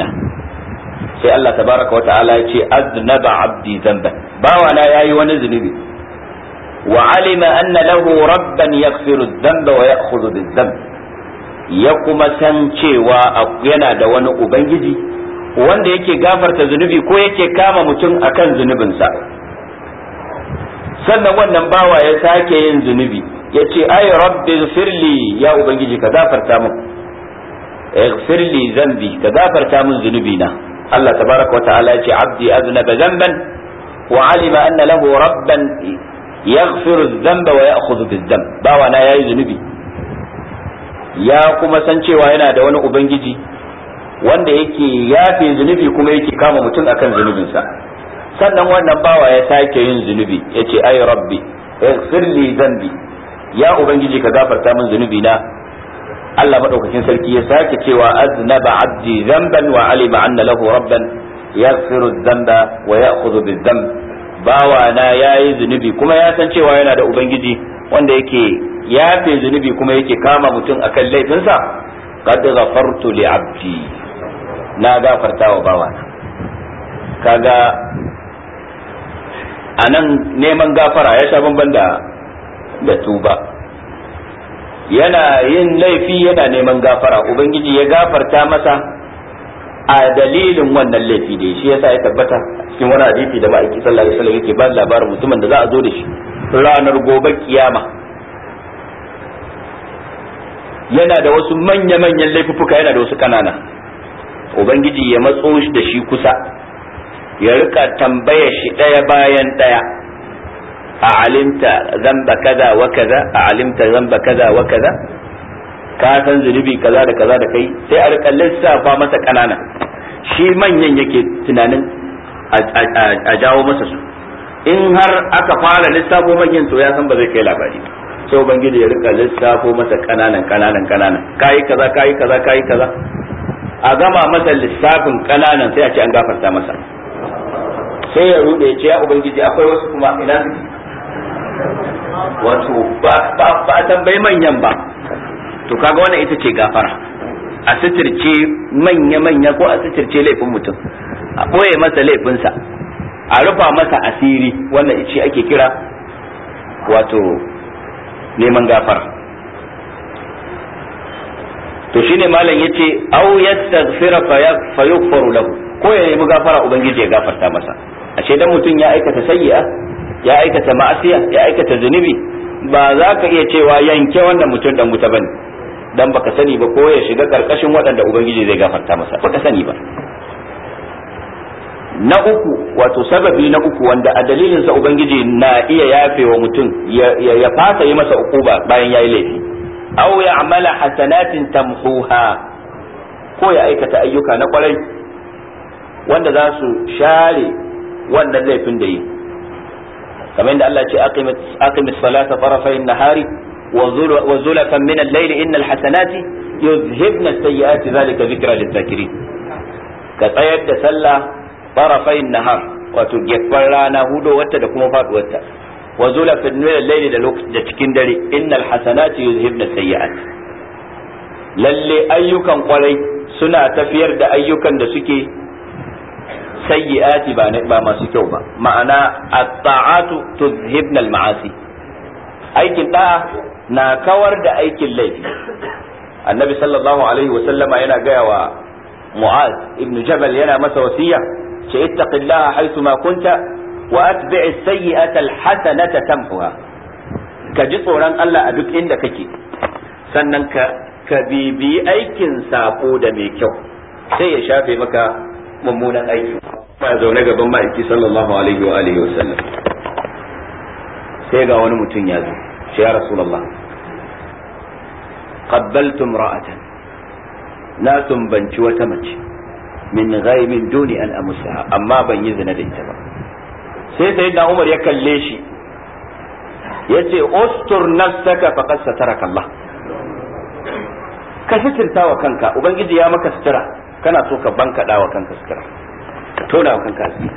sai Allah tabaraka wa ta'ala ya ce aznaba abdi zanban bawa na yayi wani zunubi wa alima anna lahu rabban yaghfiru dhanba wa ya'khudhu bidh ya kuma san cewa yana da wani ubangiji wanda yake gafarta zunubi ko yake kama mutum akan zunubin sa sannan wannan bawa ya sake yin zunubi ya ce ai rabbi firli ya ubangiji ka gafarta min ighfirli zambi ka gafarta min zunubi na Allah tabaraka wa ta'ala ya ce abdi aznaba zamban wa alima anna lahu rabban yaghfiru dhanba wa ya'khudhu bidh-dhanb bawa na yayi zunubi ya kuma san cewa yana da wani ubangiji wanda yake yafe zunubi kuma yake kama mutum akan zunubinsa sannan wannan bawa ya sake yin zunubi ya ce rabbi ighfir dhanbi ya ubangiji ka gafarta min zunubi na Allah madaukakin sarki ya sake cewa aznaba abdi dhanban wa alima anna lahu rabban yaghfiru dhanba wa ya'khudhu bidhanb bawa na yayi zunubi kuma ya san cewa yana da ubangiji wanda yake yafe zunubi kuma yake kama mutum akan laifinsa qad ghafartu li abdi na gafarta wa bawa na kaga anan neman gafara ya sha bamban da da tuba yana yin laifi yana neman gafara ubangiji ya gafarta masa a dalilin wannan laifi da shi yasa ya tabbata cikin wani hadisi da ma'aiki sallallahu alaihi wasallam yake ba labarin mutumin da za a zo da shi ranar gobe kiyama yana da wasu manya-manyan laifuka yana da wasu kanana ubangiji ya matso da shi kusa ya rika tambaya shi ɗaya bayan ɗaya a'alimta zamba kaza wa kaza a'alimta zamba kaza wa kaza ka san zunubi kaza da kaza da kai sai a rika lissafa masa kanana shi manyan yake tunanin a jawo masa su in har aka fara lissafo manyan to ya san ba zai kai labari sai ubangiji ya rika lissafo masa kananan kananan kananan kayi kaza kayi kaza kayi kaza a gama masa lissafin kananan sai a ce an gafarta masa sai ya rude ya ce ya ubangiji akwai wasu kuma ina wato ba a tambayi manyan ba to kaga wannan ita ce gafara a sitirce manya-manya ko a sitirce laifin mutum a ɓoye masa laifinsa a rufa masa asiri wannan ce ake kira wato neman gafara to shine malam yace aw yastaghfira fa yughfaru lahu ko ya nemi gafara ubangiji ya gafarta masa ashe dan mutum ya aikata sayyi'a ya aikata ma'asiya ya aikata zunubi ba za ka iya cewa yanke wannan mutum dan wuta bane dan baka sani ba ko ya shiga karkashin waɗanda ubangiji zai gafarta masa baka sani ba na uku wato sababi na uku wanda a dalilinsa ubangiji na iya yafe wa mutum ya fasa yi masa ukuba bayan yayi laifi aw ya amala hasanatin tamhuha ko ya aikata ayyuka na kwarai wanda za su share wannan laifin da yi kamar yadda Allah ya ce aqimis salata tarafayn nahari wa zulafan min al-layli innal hasanati yuzhibna as-sayyi'ati zalika dhikra lidh-dhakirin ka tsayar da sallah tarafayn nahar wato gefar rana hudo wata da kuma faduwarta wa zulafan min al-layli da da cikin dare innal hasanati yuzhibna as-sayyi'at lalle ayyukan kwarai suna tafiyar da ayyukan da suke sayyi'ati ba ba masu kyau ba ma'ana at-ta'atu tuzhibna al-ma'asi aikin ɗa'a na kawar da aikin laifi annabi sallallahu alaihi wa sallama yana gaya wa mu'az ibn jabal yana masa wasiya ce ittaqillaha haythu ma kunta wa atbi'is sayyi'ata al-hasanata ka ji tsoron Allah a duk inda kake sannan ka bibi aikin sako da mai kyau sai ya shafe maka mummunan aiki ba zaune gaban ma'aiki sallallahu alaihi wa alihi wa wasallam sai ga wani mutum ya zo shi ya rasulullah qabbaltu imra'atan na tumbanci wata mace min ghaimin duni an amsaha amma ban yi zina da ita ba sai sayyidina Umar ya kalle shi Ya yace ustur nafsaka faqad sataraka Allah ka sitirta wa kanka ubangiji ya maka sitira. kana so ka bankaɗa wa kanka sutura ka tona wa kanka asiri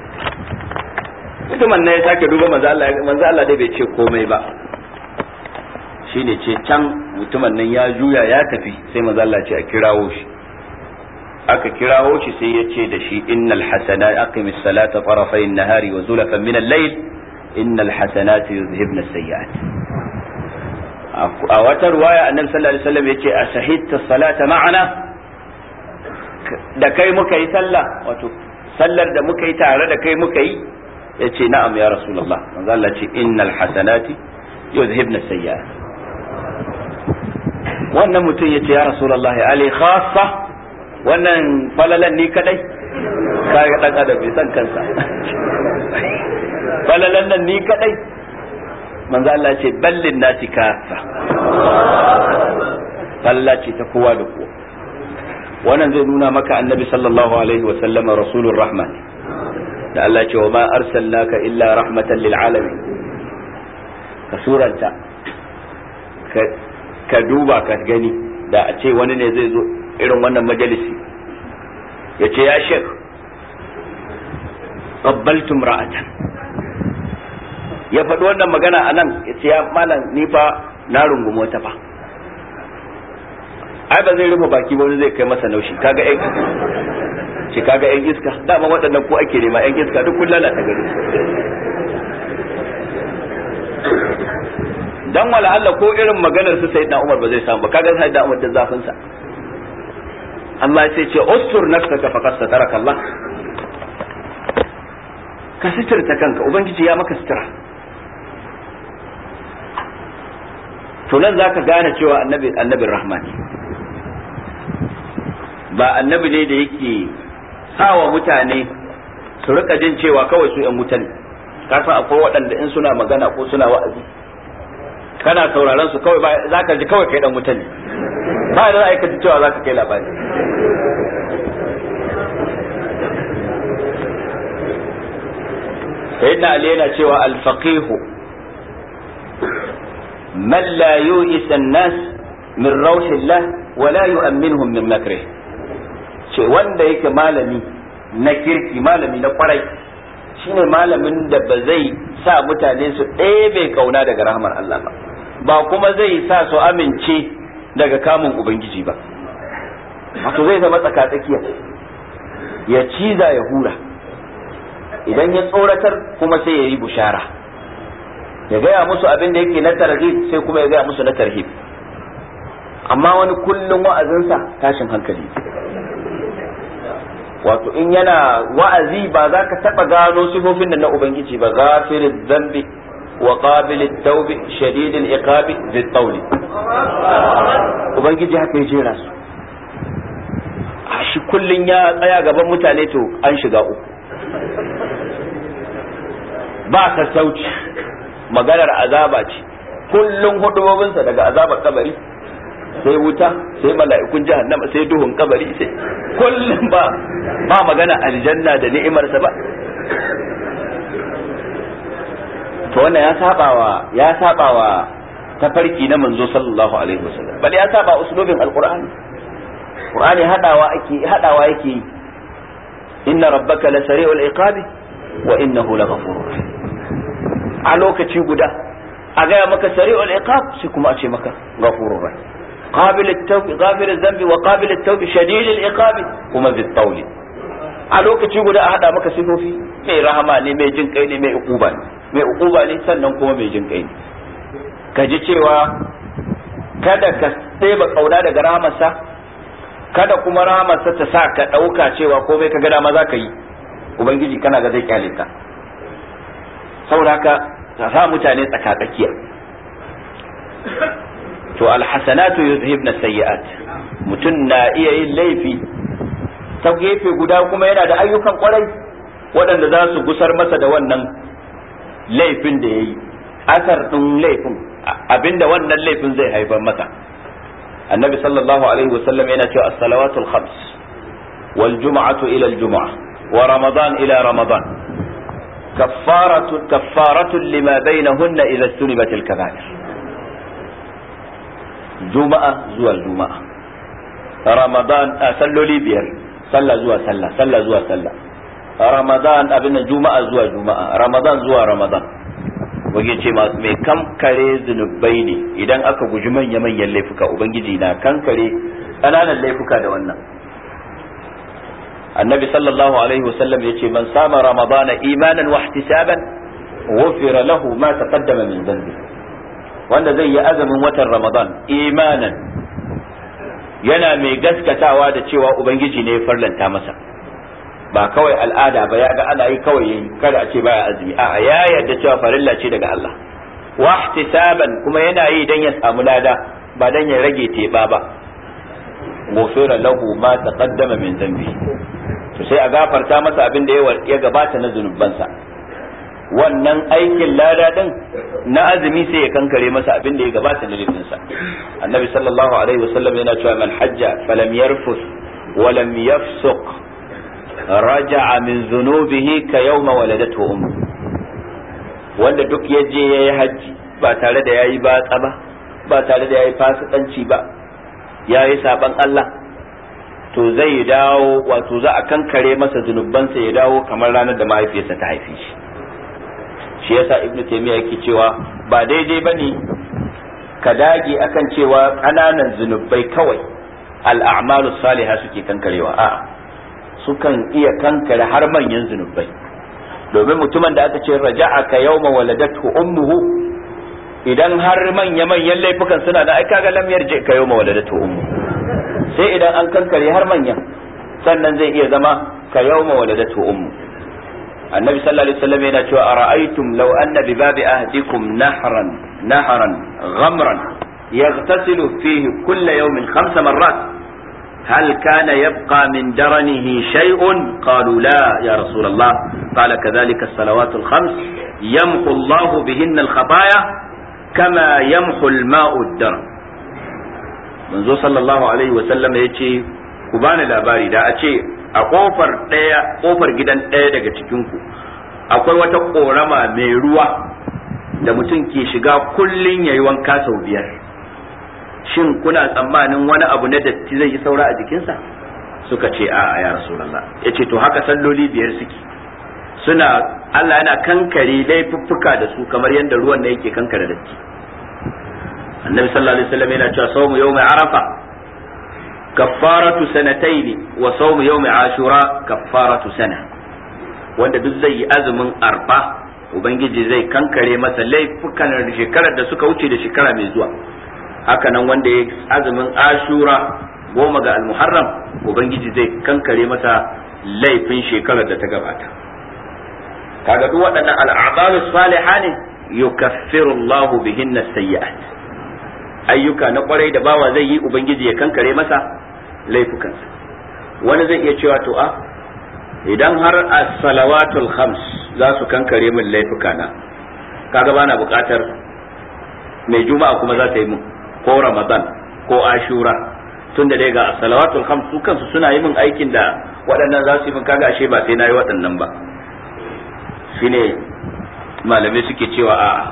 mutumin ne ya sake duba manzo Allah manzo Allah dai bai ce komai ba shine ce can mutumin nan ya juya ya tafi sai manzo Allah ce a kirawo shi aka kirawo shi sai ya ce da shi innal hasanat aqimis salata farafai an-nahari wa zulafan min al-layl innal hasanati yuzhibna as-sayyi'at a wata ruwaya annabi sallallahu alaihi wasallam yace asahidta salata ma'ana da kai muka yi sallah wato sallar da muka yi tare da kai muka yi ce na'am ya rasulullah manzo Allah ce innal hasanati yuzhibna sayyi'at wannan mutum ya ce ya rasulullah ali khassa wannan falalan ni kadai kaga dan adam san kansa falalan nan ni kadai manzo Allah ce ballin nasi kaffa falla ce ta kowa da kowa wannan zai nuna maka annabi sallallahu alaihi wa sallama rasulur rahma da Allah ce wa ma arsalnaka illa rahmatan lil alamin ka suranta ka duba ka gani da a ce wani ne zai zo irin wannan majalisi ya ce ya shek qabbaltum ra'atan ya faɗi wannan magana anan ya ce ya malam ni fa na rungumo ta fa ai ba zai rufe baki ba wani zai kai masa naushi kaga ƴan shi kaga ƴan iska dama waɗannan ko ake nema ƴan iska duk kullala ta gari dan wala Allah ko irin maganar su sayyidina Umar ba zai samu ba kaga sayyidina Umar da zafin sa Allah sai ce ustur nafsaka faqad sataraka Allah ka sitirta kanka ubangiji ya maka sitira to nan zaka gane cewa annabi annabin rahmani. ba annabi ne da yake sawa mutane su rika jin cewa kawai su yan wuta ne ka san akwai waɗanda in suna magana ko suna wa'azi kana sauraron su kawai ba za ka ji kawai kai dan wuta ne ba da za ka ji cewa za ka kai labari sayyidina ali yana cewa al-faqihu man la yu'isa an-nas min rawhillah wa la yu'minuhum min makrih ce wanda yake malami na kirki malami na kwarai shine malamin da ba zai sa mutane su ɗebe kauna daga rahmar Allah ba ba kuma zai sa su amince daga kamun ubangiji ba wato zai zama tsaka tsakiya ya ciza ya hura idan ya tsoratar kuma sai ya yi bushara ya gaya musu abin da yake na tarhib sai kuma ya gaya musu na tarhib amma wani kullum wa'azinsa tashin hankali wato in yana wa'azi ba za ka taɓa gano sifofin nan na ubangiji ba ghafirin zambi wa qabilit tawbi shadidil iqabi dhit tawli ubangiji haka ya jera su A shi kullun ya tsaya gaban mutane to an shiga uku ba sauci maganar azaba ce kullun hudubobinsa daga azabar kabari sai wuta sai mala'ikun jahannama sai duhun kabari sai kullum ba ba magana aljanna da ni'imarsa ba to wannan ya sabawa ya sabawa tafarki na manzo sallallahu alaihi wasallam bal ya saba uslubin alqur'ani qur'ani hadawa ake hadawa yake inna rabbaka la sari'ul iqabi wa innahu laghafurur a lokaci guda a gaya maka sari'ul iqab sai kuma a ce maka ghafurur rahim قابل التوب tawb الذنب وقابل التوب شديد العقاب at-tawb kuma bi a lokaci guda a hada maka sifofi mai rahama ne mai jin kai ne mai ukuba ne mai ukuba ne sannan kuma mai jin kai ne ka ji cewa kada ka ɗeba kauna daga rahamarsa kada kuma rahamarsa ta sa ka ɗauka cewa komai ka gada ma za ka yi ubangiji kana ga zai kyale ka saboda ka sa mutane tsakiya. to alhasanatu yuzhibna sayi'at mutum na iya yin laifi ta gefe guda kuma yana da ayyukan kwarai waɗanda za su gusar masa da wannan laifin da ya yi asar ɗin laifin abinda wannan laifin zai haifar masa annabi sallallahu alaihi wasallam yana cewa as-salawatul khams wal jum'atu ila al jum'a wa ramadan ila ramadan kaffaratu kaffaratu lima bainahunna idha sunibat al kaba'ir juma'a zuwa juma'a ramadan a salloli biyar sallah zuwa sallah sallah zuwa sallah ramadan abin juma'a zuwa juma'a ramadan zuwa ramadan wajen ce mai kankare zunubai ne idan aka guji manya-manyan laifuka ubangiji na kankare ƙananan laifuka da wannan annabi sallallahu alaihi wasallam ya ce man sama ramadana imanan wa ihtisaban ghufira lahu ma taqaddama min dhanbi wanda zai yi azumin watan ramadan imanan yana mai gaskatawa da cewa ubangiji ne farlanta masa ba kawai al'ada ba ya ga ana yi kawai kada a ce baya azumi a'a ya yarda cewa farilla ce daga Allah wa ihtisaban kuma yana yi dan ya samu lada ba dan ya rage teba ba gofira lahu ma taqaddama min dhanbi to sai a gafarta masa abin da ya gabata na zunubansa wannan aikin lada din na azumi sai ya kankare masa abin da ya gabata da laifinsa annabi sallallahu alaihi wasallam yana cewa man hajja falam yarfus wa lam yafsuq raja'a min zunubihi ka yawma waladatu ummu wanda duk ya je ya yi haji ba tare da ya yi batsa ba ba tare da ya yi fasikanci ba ya yi saban Allah to zai dawo wato za a kankare masa zunubansa ya dawo kamar ranar da mahaifiyarsa ta haife shi shi yasa ibn taymiya yake cewa ba daidai bane ka dage akan cewa kananan zunubai kawai al'amalu salihah suke kankarewa a'a sukan iya kankare har manyan zunubai domin mutumin da aka ce raja'a ka yawma waladatu ummuhu idan har manya manyan laifukan suna da ai kaga lam je ka yawma waladatu ummu sai idan an kankare har manyan sannan zai iya zama ka yawma waladatu ummu annabi sallallahu alaihi wasallam yana cewa ara'aytum law anna bi babi ahdikum nahran nahran ghamran yaghtasilu fihi kull yawmin khams marrat هل كان يبقى من درنه شيء قالوا لا يا رسول الله قال كذلك الصلوات الخمس يمحو الله بهن الخطايا كما يمحو الماء الدرن منذ صلى الله عليه وسلم يجي ku bani labari da a ce a kofar ɗaya kofar gidan ɗaya daga cikinku akwai wata ƙorama mai ruwa da mutum ke shiga kullun yayi wanka sau biyar shin kuna tsammanin wani abu na datti zai yi saura a jikinsa suka ce a ya rasulullah yace to haka salloli biyar suke suna Allah yana kankare laifuffuka da su kamar yadda ruwan ne yake kankare datti annabi sallallahu alaihi wasallam yana cewa sawmu yawmi arafa kaffaratu sanataini wa sawmu yawmi ashura kaffaratu sana wanda duk zai yi azumin arba, ubangiji zai kankare masa laifukan shekarar da suka wuce da shekara mai zuwa haka nan wanda ya azumin ashura goma ga almuharram ubangiji zai kankare masa laifin shekarar da ta gabata kaga duk waɗannan al'amalu salihah ne yukaffiru Allahu bihinna sayyi'at ayyuka na kwarai da bawa zai yi ubangiji ya kankare masa laifukansa wani zai iya cewa to a ah, idan har as-salawatul khams za su kankare min laifukana kaga bana buƙatar mai juma'a kuma za ta yi min ko ramadan ko ashura tun da dai ga as-salawatul khams su kansu suna yi min aikin da waɗannan za su yi min kaga ashe ba sai na yi waɗannan ba shine malamai suke cewa a ah,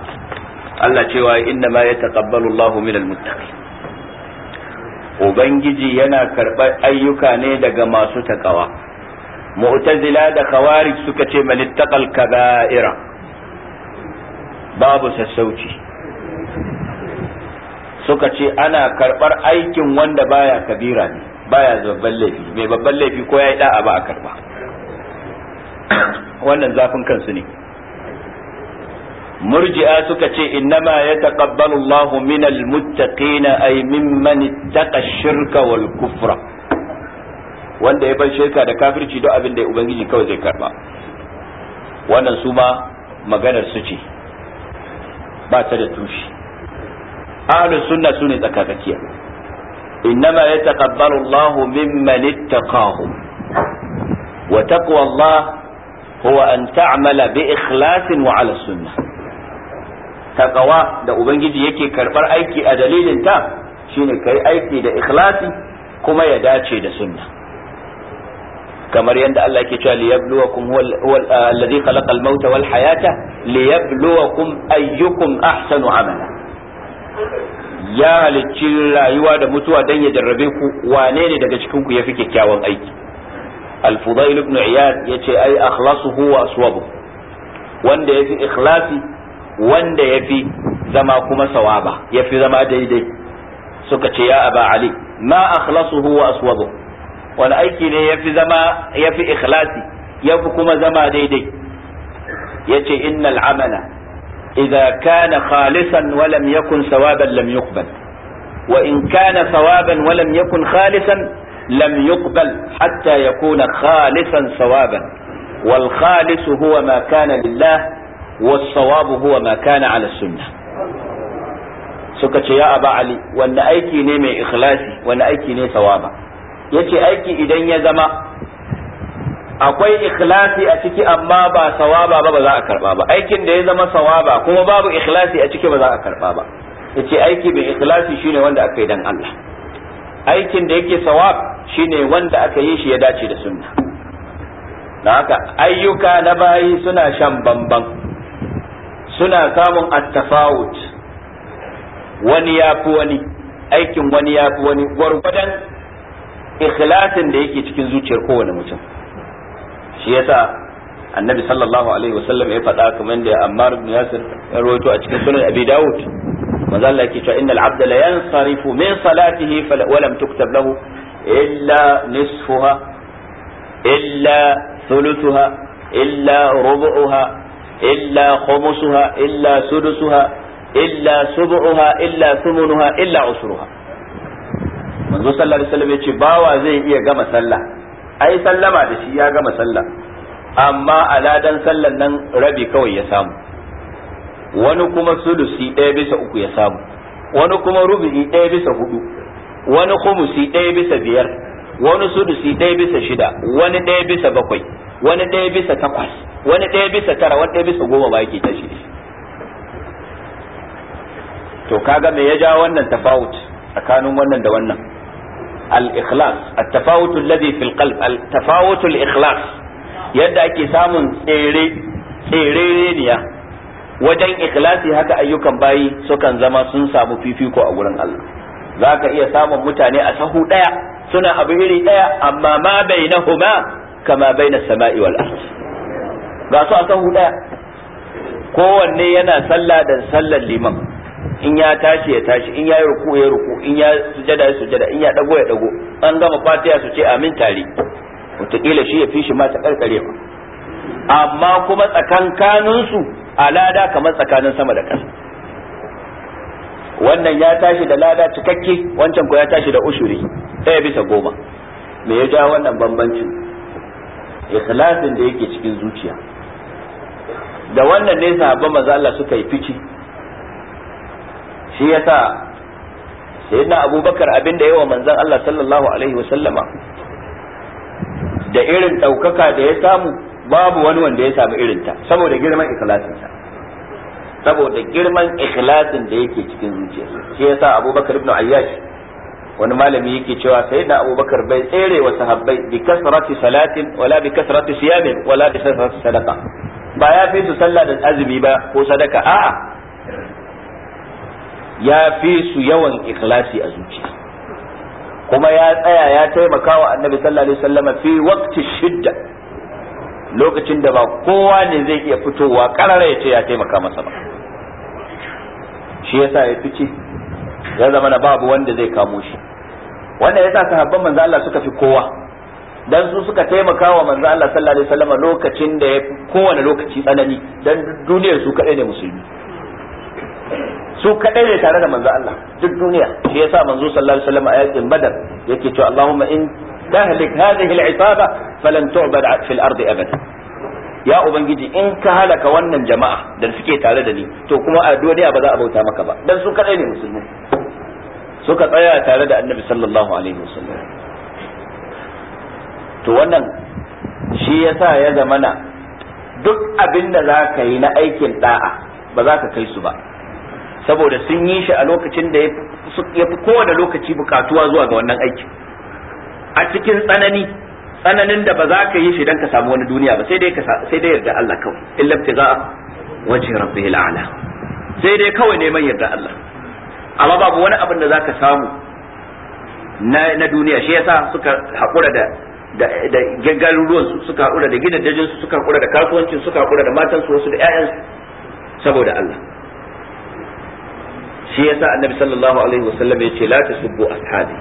Allah cewa inna ma yataqabbalu Allahu min muttaqin ubangiji yana karɓar ayyuka ne daga masu takawa mu'tazila da khawarij suka ce man ittaqal kaba'ira babu sassauci suka ce ana karɓar aikin wanda baya kabira ne baya babban laifi mai babban laifi ko yayi da'a ba a karɓa. wannan zafin kansu ne murji'a suka ce innama yataqabbalu Allahu al muttaqina ay mimman ittaqa shirka wal kufra wanda ya bar shirka da kafirci duk abin da ubangiji kawai zai karba wannan su ma maganar su ce ba ta da tushi ahlus sunna sune tsakakakiya innama yataqabbalu Allahu mimman ittaqahu wa taqwa Allah huwa an ta'mala bi ikhlasin wa ala sunnah takawa da ubangiji yake karbar aiki a dalilin ta shine kai aiki da ikhlasi kuma ya dace da sunna kamar yadda Allah yake cewa liyabluwakum huwal ah, khalaqa al-mauta wal hayata liyabluwakum ayyukum ahsanu amala ya halicci rayuwa da mutuwa dan ya jarrabe ku wane ne daga cikin ku yafi kyakkyawan aiki al-fudail ibn iyad yace ai akhlasuhu wa aswabu wanda yafi ikhlasi wanda ya fi zama kuma sawaba ya fi zama daidai suka ce ya aba ali ma akhlasuhu wa aswadu wani aiki ne ya fi zama ya fi ikhlasi ya fi kuma zama daidai ya ce innal amala idza kana khalisan wa lam yakun sawaban lam yuqbal wa in kana sawaban wa lam yakun khalisan lam yuqbal hatta yakuna khalisan sawaban wal khalis huwa ma kana lillah والصواب sawabu huwa ma على ala suka ce ya aba ali wanda aiki ne mai ikhlasi wanda aiki ne sawaba yace aiki idan ya zama akwai ikhlasi a ciki amma ba sawaba ba ba za a karba ba aikin da ya zama sawaba kuma babu ikhlasi a ciki ba za a karba ba yace aiki bai ikhlasi shine wanda aka yi dan Allah aikin da yake sawab shine wanda aka yi shi ya dace da sunna da haka ayyuka na bayi suna shan bambam. suna samun attafawut wani ya fi wani aikin wani ya fi wani gwargwadon ikhlasin da yake cikin zuciyar kowane mutum shi yasa annabi sallallahu alaihi wasallam ya faɗa kamar da ammar ibn yasir ya rawaito a cikin sunan abi dawud manzo Allah yake cewa innal abda la yansarifu min salatihi wa lam tuktab lahu illa nisfuha illa thuluthuha illa rubu'uha illa khumusuha illa sudusuha illa subu'uha illa thumunuha illa usruha manzo sallallahu alaihi wasallam yace bawa zai iya gama sallah ai sallama da shi ya gama sallah amma aladan Sallar nan rabi kawai ya samu wani kuma sulusi ɗaya bisa uku ya samu wani kuma rubu'i ɗaya bisa hudu wani khumusi ɗaya bisa biyar wani sudusi ɗaya bisa shida wani ɗaya bisa bakwai wani ɗaya bisa takwas wani ɗaya bisa tara wani ɗaya bisa goma ba yake tashi to kaga me ya ja wannan tafawut tsakanin wannan da wannan al-ikhlas at-tafawut alladhi fil qalb al-tafawut al-ikhlas yadda ake samun tsere tsere wajen ikhlasi haka ayyukan bayi sukan zama sun samu fifiko a gurin Allah za ka iya samun mutane a sahu ɗaya suna abu iri ɗaya amma ma bai na huma kama bai na sama'i wal ard ga su a sahu daya kowanne yana sallah da sallar liman in ya tashi ya tashi in ya yi ruku ya ruku in ya sujada ya sujada in ya dago ya dago an gama fatiha su ce amin tare wataƙila shi ya fi shi ma ta ba amma kuma tsakankaninsu a lada kamar tsakanin sama da ƙasa wannan ya tashi da lada cikakke wancan ko ya tashi da ushuri ɗaya bisa goma me ya ja wannan bambancin ikhlasin da yake cikin zuciya da wannan ne sahabban manzo Allah suka yi fici shi yasa sayyidina abubakar abin da yawa manzon Allah sallallahu alaihi wa sallama da irin ɗaukaka da ya samu babu wani wanda ya samu irinta saboda girman ikhlasinsa saboda girman ikhlasin da yake cikin zuciyarsa shi yasa abubakar ibn ayyash wani malami yake cewa sai da abubakar bai tsere wa sahabbai bi kasrati salatin wala bi kasrati siyamin wala bi kasrati sadaqa ba ya fi su sallah da azumi ba ko sadaka a'a ya fi su yawan ikhlasi a zuciya kuma ya tsaya ya taimaka wa annabi sallallahu alaihi wasallam fi waqti shidda lokacin da ba kowa ne zai iya fitowa karara ya ce ya taimaka masa ba shi yasa ya fice ya zama na babu wanda zai kamo shi wanda yasa sahabban manzo Allah suka fi kowa dan su suka taimaka wa manzo Allah sallallahu alaihi wasallam lokacin da ya kowane lokaci tsanani dan duniyar su kadai ne musulmi su kadai ne tare da manzo Allah duk duniya shi yasa manzo sallallahu alaihi wasallam a yakin badar yake cewa Allahumma in tahlik hadhihi al'itaba falan tu'bad fil ardi abada ya ubangiji in ka halaka wannan jama'a da suke tare da ni to kuma a duniya ba za a bauta maka ba dan su kadai ne musulmi suka tsaya tare da annabi sallallahu alaihi wasallam to wannan shi yasa ya zama na duk abin da za ka yi na aikin da'a ba za ka kai su ba saboda sun yi shi a lokacin da ya fi kowane lokaci bukatuwa zuwa ga wannan aikin a cikin tsanani tsananin da ba za ka yi shi don ka samu wani duniya ba sai dai yarda Allah kawai za a wajen rabbi a'la sai dai kawai neman yarda Allah amma babu wani abin da za ka samu na duniya shi yasa suka haƙura da da garuruwan su suka haƙura da gina dajin su suka haƙura da kasuwancin suka haƙura da matan su wasu da ƴaƴan saboda Allah shi yasa annabi sallallahu alaihi wasallam ya ce la tasubbu ashabi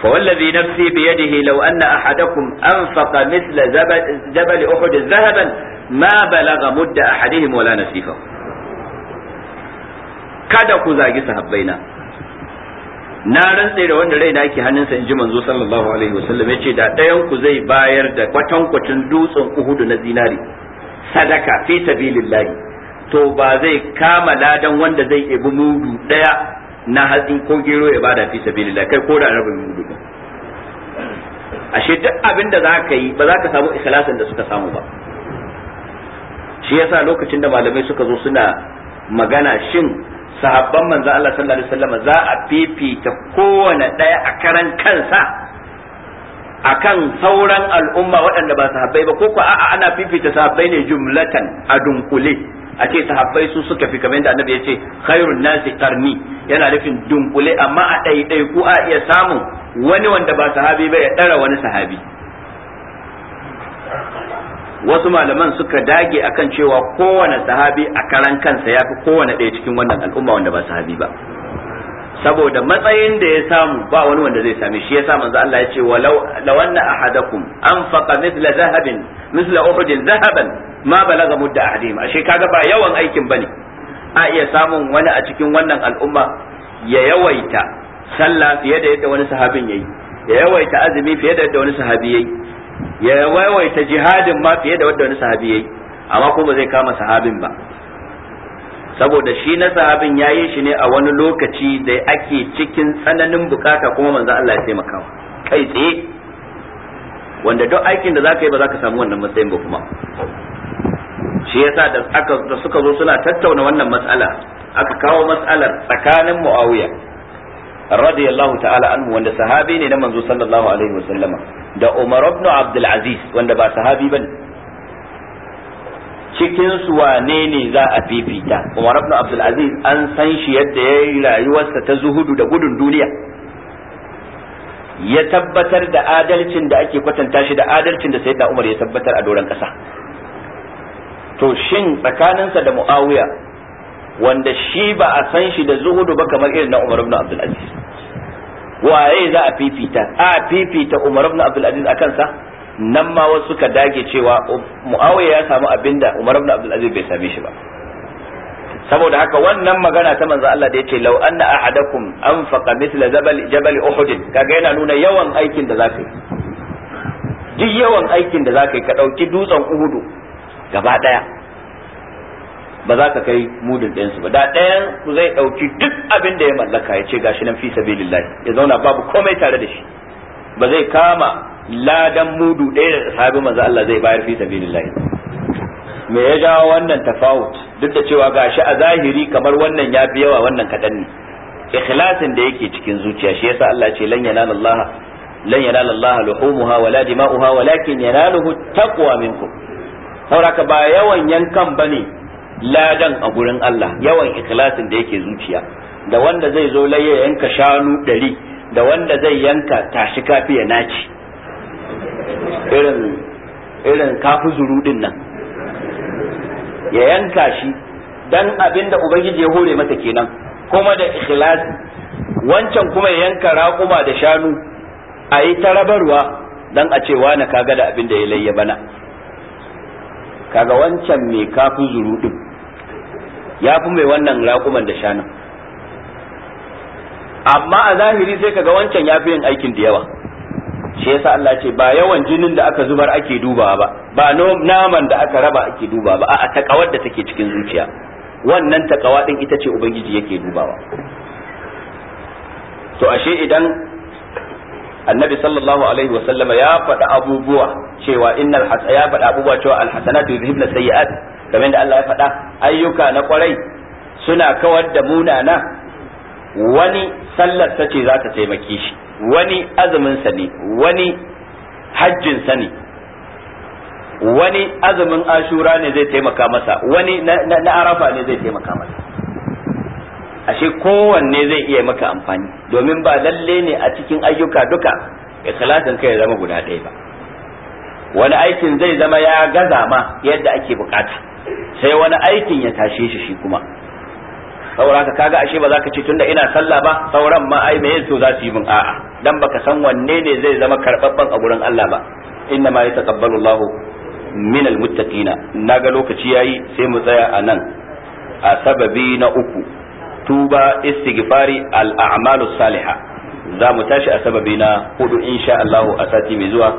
fa wallazi nafsi bi yadihi law anna ahadakum anfaqa mithla jabal uhud dhahaban ma balagha mudda ahadihim wala nasifa kada ku zagi sahabbaina na rantse da wanda raina yake hannunsa in ji manzo sallallahu alaihi wasallam yace da ɗayan ku zai bayar da kwatin dutsen uhudu na zinari sadaka fi sabilillahi to ba zai kama ladan wanda zai ebi mudu ɗaya na hatsi ko gero ya bada fi sabilillahi kai ko da rabin mudu ashe duk abin da za yi ba za ka samu ikhlasin da suka samu ba shi yasa lokacin da malamai suka zo suna magana shin sahabban manzo Allah sallallahu alaihi wasallam za a fifita kowane ɗaya a karan kansa akan sauran al'umma waɗanda ba sahabbai ba ko a'a ana fifita sahabbai ne jumlatan a dunkule a ce sahabbai su suka fi kamar da annabi ya ce khairun nasi karni yana nufin dunkule amma a ɗaiɗai ku a iya samun wani wanda ba sahabi ba ya ɗara wani sahabi wasu malaman suka dage akan cewa kowane sahabi a karan kansa ya fi kowane ɗaya cikin wannan al'umma wanda ba sahabi ba saboda matsayin da ya samu ba wani wanda zai sami shi yasa manzo Allah ya ce walau lawanna ahadakum anfaqa mithla zahabin mithla uhudin zahaban ma balaga mudda ahadim ashe kaga ba yawan aikin bane a iya samun wani a cikin wannan al'umma ya yawaita sallah fiye da yadda wani sahabin yayi ya yawaita azumi fiye da yadda wani sahabi yayi ya waiwaita jihadin ma fiye da wanda wani sahabi yayi amma kuma zai kama sahabin ba saboda shi na sahabin ya yi shi ne a wani lokaci da ake cikin tsananin bukata kuma manzo Allah ya taimaka kai tsaye wanda duk aikin da zaka yi ba zaka samu wannan matsayin ba kuma shi yasa da aka da suka zo suna tattauna wannan matsala aka kawo matsalar tsakanin Muawiya radiyallahu ta'ala anhu wanda sahabi ne na manzo sallallahu alaihi wasallama da Umar ibn Abdul Aziz wanda ba sahabi bane cikin su wane ne za a fifita Umar ibn Abdul Aziz an san shi yadda yayi yi rayuwarsa ta zuhudu da gudun duniya ya tabbatar da adalcin da ake kwatanta shi da adalcin da sayyidina Umar ya tabbatar a doron kasa to shin tsakaninsa da Muawiya wanda shi ba a san shi da zuhudu ba kamar irin na Umar ibn Abdul Aziz waye za a fifita a fifita Umar ibn Abdul Aziz akan sa nan ma wasu suka dage cewa um, Muawiya ya samu abinda Umar ibn Abdul Aziz bai same shi ba saboda haka wannan magana ta manzo Allah da yace law anna ahadakum anfaqa mithla jabal jabal uhud kaga yana nuna yawan aikin da zaka yi duk yawan aikin da zaka yi ka dauki dutsen uhudu gaba daya ba za ka kai mudin ɗayansu ba da ɗayan ku zai ɗauki duk abin da ya mallaka ya ce gashi nan fi sabilillahi ya zauna babu komai tare da shi ba zai kama ladan mudu ɗaya da sahabi manzo Allah zai bayar fi sabilillahi me ya jawo wannan tafawut duk da cewa gashi a zahiri kamar wannan ya fi yawa wannan kaɗan ne ikhlasin da yake cikin zuciya shi yasa Allah ce lan yanala Allah lan yanala Allah luhumuha wala dima'uha walakin yanaluhu taqwa minkum saboda ba yawan yankan bane ladan a gurin Allah yawan ikhlasin da yake zuciya da wanda zai zo laye yanka shanu ɗari da wanda zai yanka tashi kafi ya naci irin irin kafi zurudin nan ya yanka shi dan abin da ubangiji ya hore masa kenan kuma da ikhlasi wancan kuma ya yanka raƙuma da shanu a yi ta rabarwa dan a ce wani kaga da abin da ya layya bana kaga wancan mai kafi zurudin ya fi mai wannan raƙuman da shanan amma a zahiri sai ka ga wancan ya fi yin aikin da yawa shi yasa Allah ce ba yawan jinin da aka zubar ake dubawa ba ba naman da aka raba ake dubawa ba a'a takawar da take cikin zuciya wannan takawa din ita ce ubangiji yake dubawa to ashe idan annabi sallallahu alaihi wa ya faɗi abubuwa cewa innal ya faɗi abubuwa cewa alhasanatu yuzhibna sayyi'at kamar da Allah ya faɗa ayyuka na kwarai suna kawar da munana wani sallar ta ce za ta taimake shi wani azumin sa ne wani hajjin sa ne wani azumin ashura ne zai taimaka masa wani na arafa ne zai taimaka masa ashe kowanne zai iya maka amfani domin ba lalle ne a cikin ayyuka duka ikhlasin kai ya zama guda ɗaya ba wani aikin zai zama ya gaza ma yadda ake bukata sai wani aikin ya tashe shi shi kuma saboda haka kaga ashe ba za ka ce tunda ina sallah ba sauran ma ai me to za su yi min a'a dan baka san wanne ne zai zama karbabban a gurin Allah ba inna ma yataqabbalu Allah min almuttaqina naga lokaci yayi sai mu tsaya a nan a sababi na uku tuba istighfari al a'malus salihah za mu tashi a sababi na hudu insha Allah a sati mai zuwa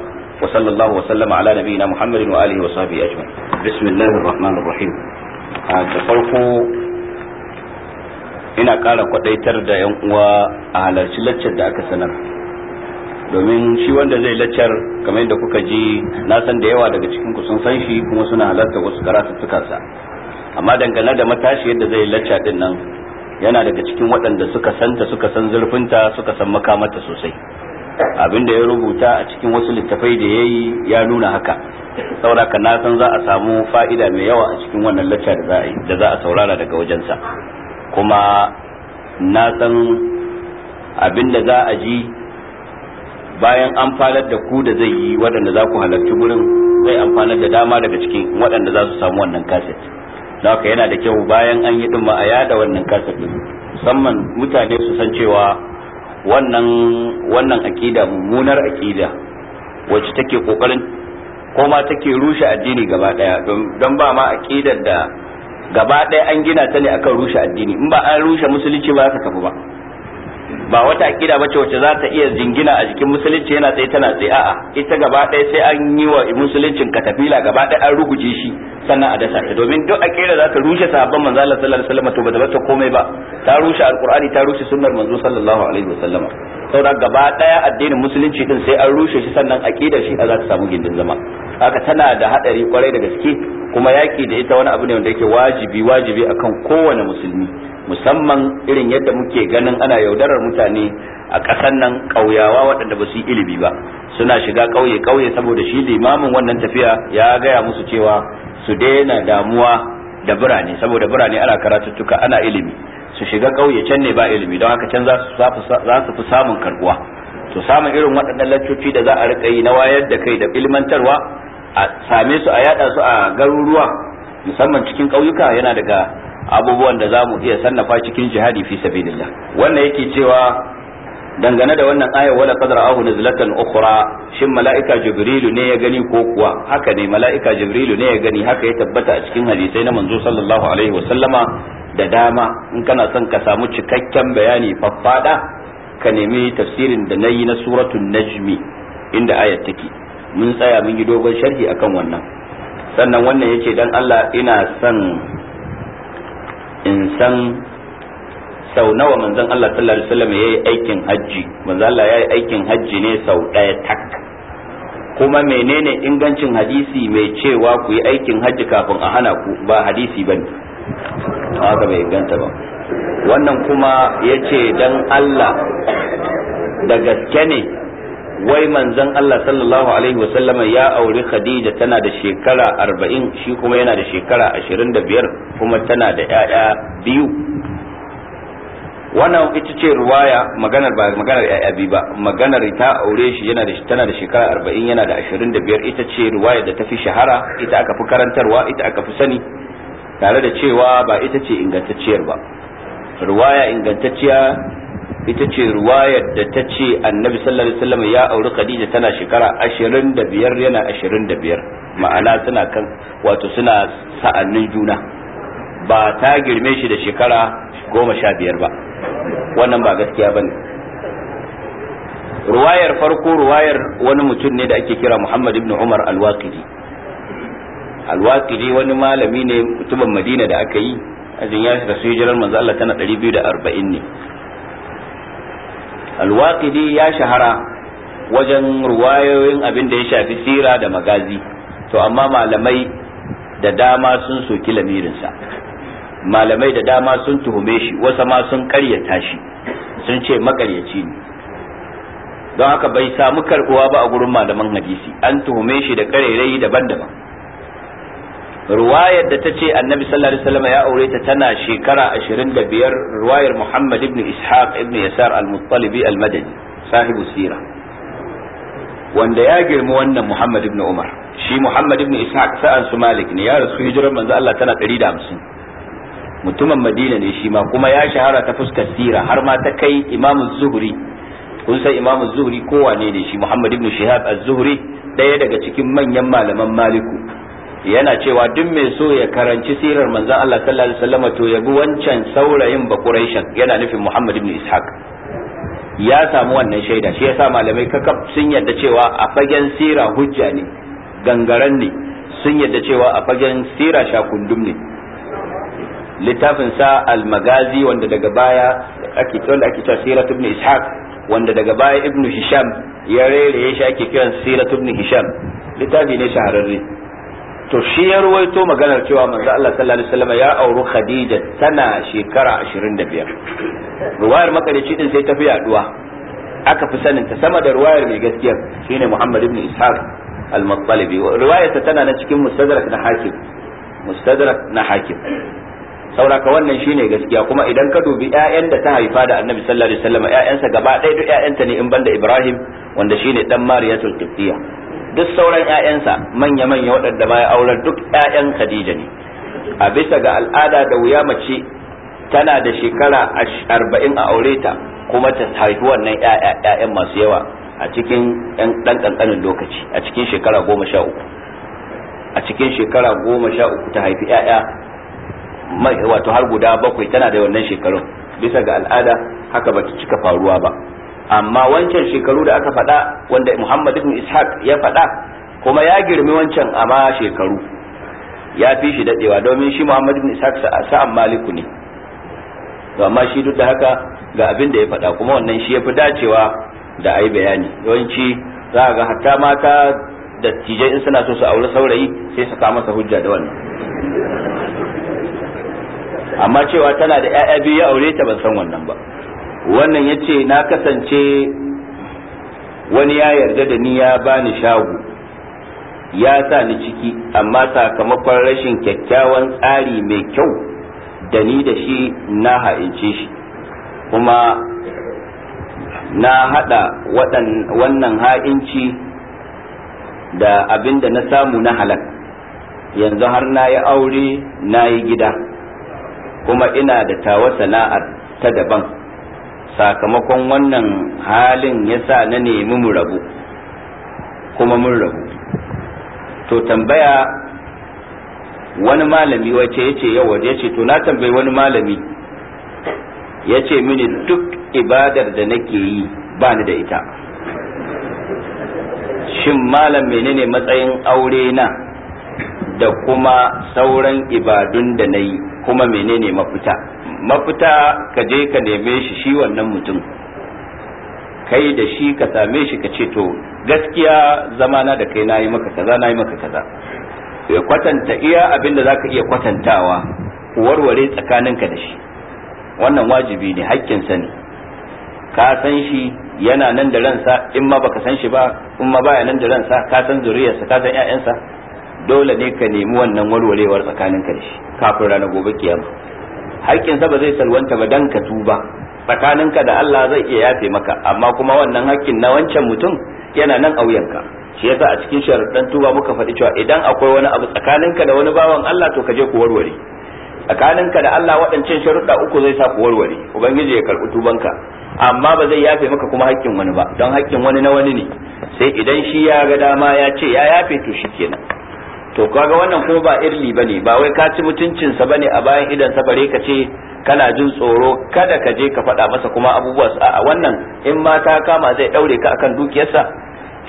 وصلى الله وسلم على نبينا محمد وآله وصحبه أجمعين بسم الله الرحمن الرحيم da farko ina ƙara kwadaitar da 'yan uwa a halarci laccar da aka sanar domin shi wanda zai laccar kamar yadda kuka ji na san da yawa daga cikin ku sun san shi kuma suna halarta wasu sa amma dangane da matashi yadda zai lacca din yana daga cikin waɗanda suka santa suka san zurfinta suka san makamata sosai abinda ya rubuta a cikin wasu littafai da ya yi ya nuna haka sauraka na san za a samu fa'ida mai yawa a cikin wannan lacca da za a saurara daga wajensa kuma na san abinda za a ji bayan an falar da ku da zai yi waɗanda za ku halarci wurin, zai amfanar da dama daga cikin waɗanda za su samu wannan kaset da haka yana da kyau bayan an yi ɗin ma a yada wannan kaset musamman mutane su san cewa wannan wannan akida mummunar akida wacce take kokarin ko ma take rushe addini gaba daya don ba ma akidar da gaba daya an gina ta ne akan rushe addini in ba an rushe musulunci ba za ta kafu ba ba wata akida ce wacce za ta iya jingina a jikin musulunci yana tsaye tana tsaye a'a ita gaba ɗaya sai an yi wa musuluncin katafila gaba ɗaya an ruguje shi sannan a dasa ta domin duk akida za ta rushe sahabban manzo Allah sallallahu alaihi wasallam to da bata komai ba ta rushe alqur'ani ta rushe sunnar manzo sallallahu alaihi wasallam saboda gaba ɗaya addinin musulunci din sai an rushe shi sannan akidar shi za ta samu gindin zama haka tana da hadari kwarai da gaske kuma yaki da ita wani abu ne wanda yake wajibi wajibi akan kowane musulmi musamman irin yadda muke ganin ana yaudarar mutane a ƙasan nan ƙauyawa waɗanda ba su yi ilimi ba suna shiga ƙauye-ƙauye saboda shi limamin wannan tafiya ya gaya musu cewa su daina damuwa da birane saboda birane ana karatuttuka ana ilimi su shiga ƙauye can ne ba ilimi don haka can za su fi samun karbuwa to samun irin waɗannan laccoci da za a riƙa yi na wayar da kai da ilmantarwa a same su a yada su a garuruwa musamman cikin ƙauyuka yana daga abubuwan da za mu iya sannafa cikin jihadi fi sabilillah wannan yake cewa dangane da wannan ayar wala qadra ahu zilatan ukhra shin mala'ika jibrilu ne ya gani ko kuwa haka ne mala'ika jibrilu ne ya gani haka ya tabbata a cikin hadisai na manzo sallallahu alaihi wa sallama da dama in kana son ka samu cikakken bayani faffada ka nemi tafsirin da nayi na suratul najmi inda ayar take mun tsaya mun yi dogon sharhi akan wannan sannan wannan yake dan Allah ina son in san sau nawa manzon Allah sallallahu alaihi wasallam yayi aikin hajji manzon Allah yayi aikin hajji ne sau ɗaya tak kuma menene ingancin hadisi mai cewa ku yi aikin hajji kafin a hana ku ba hadisi bane haka bai inganta ba wannan kuma yace dan Allah da gaske ne wai manzon Allah sallallahu alaihi wasallama ya auri Khadija tana da shekara arba'in shi kuma yana da shekara ashirin da biyar kuma tana da ‘ya'ya biyu wannan ita ce ruwaya maganar ba maganar ‘ya'ya biyu ba maganar ta aure shi yana da tana da shekara arba'in yana da ashirin da biyar ita ce ruwaya da tafi shahara ita aka fi karantarwa ita aka fi sani tare da cewa ba ita ce ingantacciyar ba ruwaya ingantacciya ita ce ruwayar da ta ce annabi sallallahu alaihi wasallam ya auri khadija tana shekara 25 yana 25 ma'ana suna kan wato suna sa'annin juna ba ta girme shi da shekara 15 ba wannan ba gaskiya bane ruwayar farko ruwayar wani mutum ne da ake kira Muhammad ibn Umar al-Waqidi al-Waqidi wani malami ne mutumin Madina da aka yi ajin ya rasu hijirar manzo Allah tana 240 ne alwaqidi ya shahara wajen ruwayoyin abin da ya shafi sira da magazi to amma malamai da dama sun soki lamirinsa malamai da dama sun tuhume shi wasa ma sun karyata shi sun ce makaryaci ne don haka bai samu karbuwa ba a gurin malaman hadisi an tuhume shi da karerai daban-daban ruwayar da ta ce annabi sallallahu alaihi wasallam ya aure ta tana shekara ashirin da biyar ruwayar Muhammad ibn Ishaq ibn Yasar al-Muttalibi al-Madani sahibu sira wanda ya girma wannan Muhammad ibn Umar shi Muhammad ibn Ishaq sa'an su Malik ne ya rasu hijirar manzo Allah tana 150 mutumin Madina ne shi ma kuma ya shahara ta fuskar sira har ma ta kai Imam Zuhri kun san Imam Zuhri kowane ne shi Muhammad ibn Shihab az-Zuhri daya daga cikin manyan malaman Maliku yana cewa duk mai so ya karanci sirar manzon Allah sallallahu alaihi wasallam to ya bi wancan saurayin bakuraishan yana nufin Muhammad ibn Ishaq ya samu wannan shaida shi yasa malamai kakaf sun yadda cewa a fagen sira hujja ne gangaren ne sun yadda cewa a fagen sira shakundum ne littafin sa al-magazi wanda daga baya ake wanda ake cewa sirat ibn ishaq wanda daga baya ibn hisham ya rere shi ake kiran sirat ibn hisham littafi ne shahararre to shi ya ruwaito maganar cewa manzo Allah sallallahu alaihi wasallam ya auri Khadija tana shekara 25 ruwayar makarici din sai ta fi yaduwa aka fi sanin ta sama da ruwayar mai gaskiya shine Muhammad ibn Ishaq al-Mattalibi ruwayar tana na cikin Mustadrak na Hakim Mustadrak na Hakim sauraka wannan shine gaskiya kuma idan ka dubi ƴaƴan da ta haifa da Annabi sallallahu alaihi wasallam ƴaƴansa gaba ɗaya duk ƴaƴanta ne in banda Ibrahim wanda shine dan Mariyatul Qibtiyya duk sauran ƴaƴansa manya-manya waɗanda ma ya aurar duk ƴaƴan Khadija ne a bisa ga al'ada da wuya mace tana da shekara 40 a aure ta kuma ta haifi wannan ƴaƴan masu yawa a cikin ɗan ƙanƙanin lokaci a cikin shekara goma sha uku a cikin shekara goma sha uku ta haifi ƴaƴa wato har guda bakwai tana da wannan shekarun bisa ga al'ada haka ba ta cika faruwa ba amma wancan shekaru da aka faɗa wanda Muhammad ibn Ishaq ya faɗa kuma ya girmi wancan amma shekaru ya fi shi daɗewa domin shi Muhammad ibn Ishaq sa'an maliku ne to amma shi duk da haka ga abin da ya faɗa kuma wannan shi ya fi dacewa da a bayani yawanci za ga hatta mata da tijai in suna so su aure saurayi sai su kama masa hujja da wannan amma cewa tana da 'ya'ya biyu ya aure ta ban san wannan ba wannan ya ce na kasance wani ya yarda da ni ya bani shago ya sa ni ciki amma sakamakon rashin kyakkyawan tsari mai kyau da ni da shi na ha'ince shi kuma na hada wannan ha'inci da abin da na samu na halak yanzu har na yi aure na yi gida kuma ina da tawa sana'ar ta daban sakamakon wannan halin yasa na nemi mu rabu kuma mun rabu to tambaya wani malami wace yace yau yace to na tambayi wani malami yace mini duk ibadar da nake yi ba ni da ita shin malam menene matsayin aure na da kuma sauran ibadun da na yi kuma menene mafita mafita ka je ka neme shi shi wannan mutum kai da shi ka same shi ka ce to gaskiya zamana da kai nayi maka kaza nayi maka kaza ya kwatanta iya abin da zaka iya kwatantawa warware tsakaninka da shi wannan wajibi ne hakkin sani ka san shi yana nan da ransa in ma baka san shi ba in ma baya nan da ransa ka san zuriyarsa ka san ƴaƴansa dole ne ka nemi wannan warwarewar tsakaninka da shi kafin ranar gobe kiyama sa ba zai salwanta ba dan ka tuba tsakaninka da Allah zai iya yafe maka amma kuma wannan haƙƙin na wancan mutum yana nan a wuyanka shi yasa a cikin sharuɗan tuba muka faɗi cewa idan akwai wani abu tsakaninka da wani bawan Allah to ka je ku warware tsakaninka da Allah waɗancan sharuɗa uku zai sa ku warware ubangiji ya karɓi tubanka amma ba zai yafe maka kuma haƙƙin wani ba don haƙƙin wani na wani ne sai idan shi ya ga dama ya ce ya yafe to shikenan to kaga wannan kuma ba irli bane ba wai ka ci mutuncinsa bane a bayan idan sa bare ka ce kana jin tsoro kada ka je ka faɗa masa kuma abubuwa a wannan in ma ta kama zai daure ka akan dukiyarsa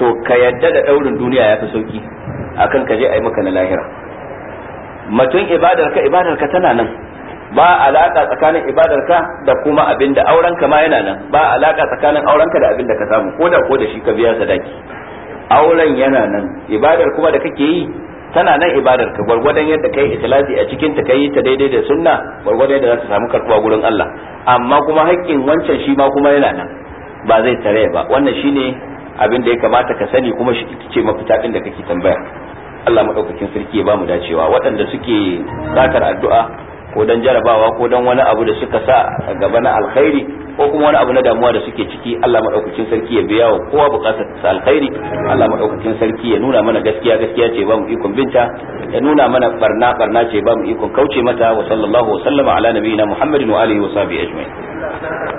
to ka yadda da daurin duniya ya fi sauki akan ka je a yi maka na lahira Mutun ibadar ka ibadar ka tana nan ba alaka tsakanin ibadar ka da kuma abin da auren ka ma yana nan ba alaka tsakanin auren ka da abin da ka samu ko da ko da shi ka biya sadaki auren yana nan ibadar kuma da kake yi tana nan ibadar ka gwargwadon yadda kai ikhlasi a cikin ta kai ta daidai da sunna gwargwadon yadda za ta samu karɓuwa gurin Allah amma kuma haƙƙin wancan shi ma kuma yana nan ba zai tare ba wannan shine abin da ya kamata ka sani kuma shi ce mafita din da kake tambaya Allah madaukakin sarki ya mu dacewa waɗanda suke zakar addu'a ko dan jarabawa ko dan wani abu da suka sa a gaba na alkhairi ko kuma wani abu na damuwa da suke ciki Allah madaukakin sarki ya biya wa kowa bukatar sa alkhairi Allah madaukakin sarki ya nuna mana gaskiya gaskiya ce ba mu ikon binta ya nuna mana barna barna ce ba mu ikon kauce mata wa sallallahu wa sallama ala nabiyina Muhammadin wa alihi wa sahbihi ajma'in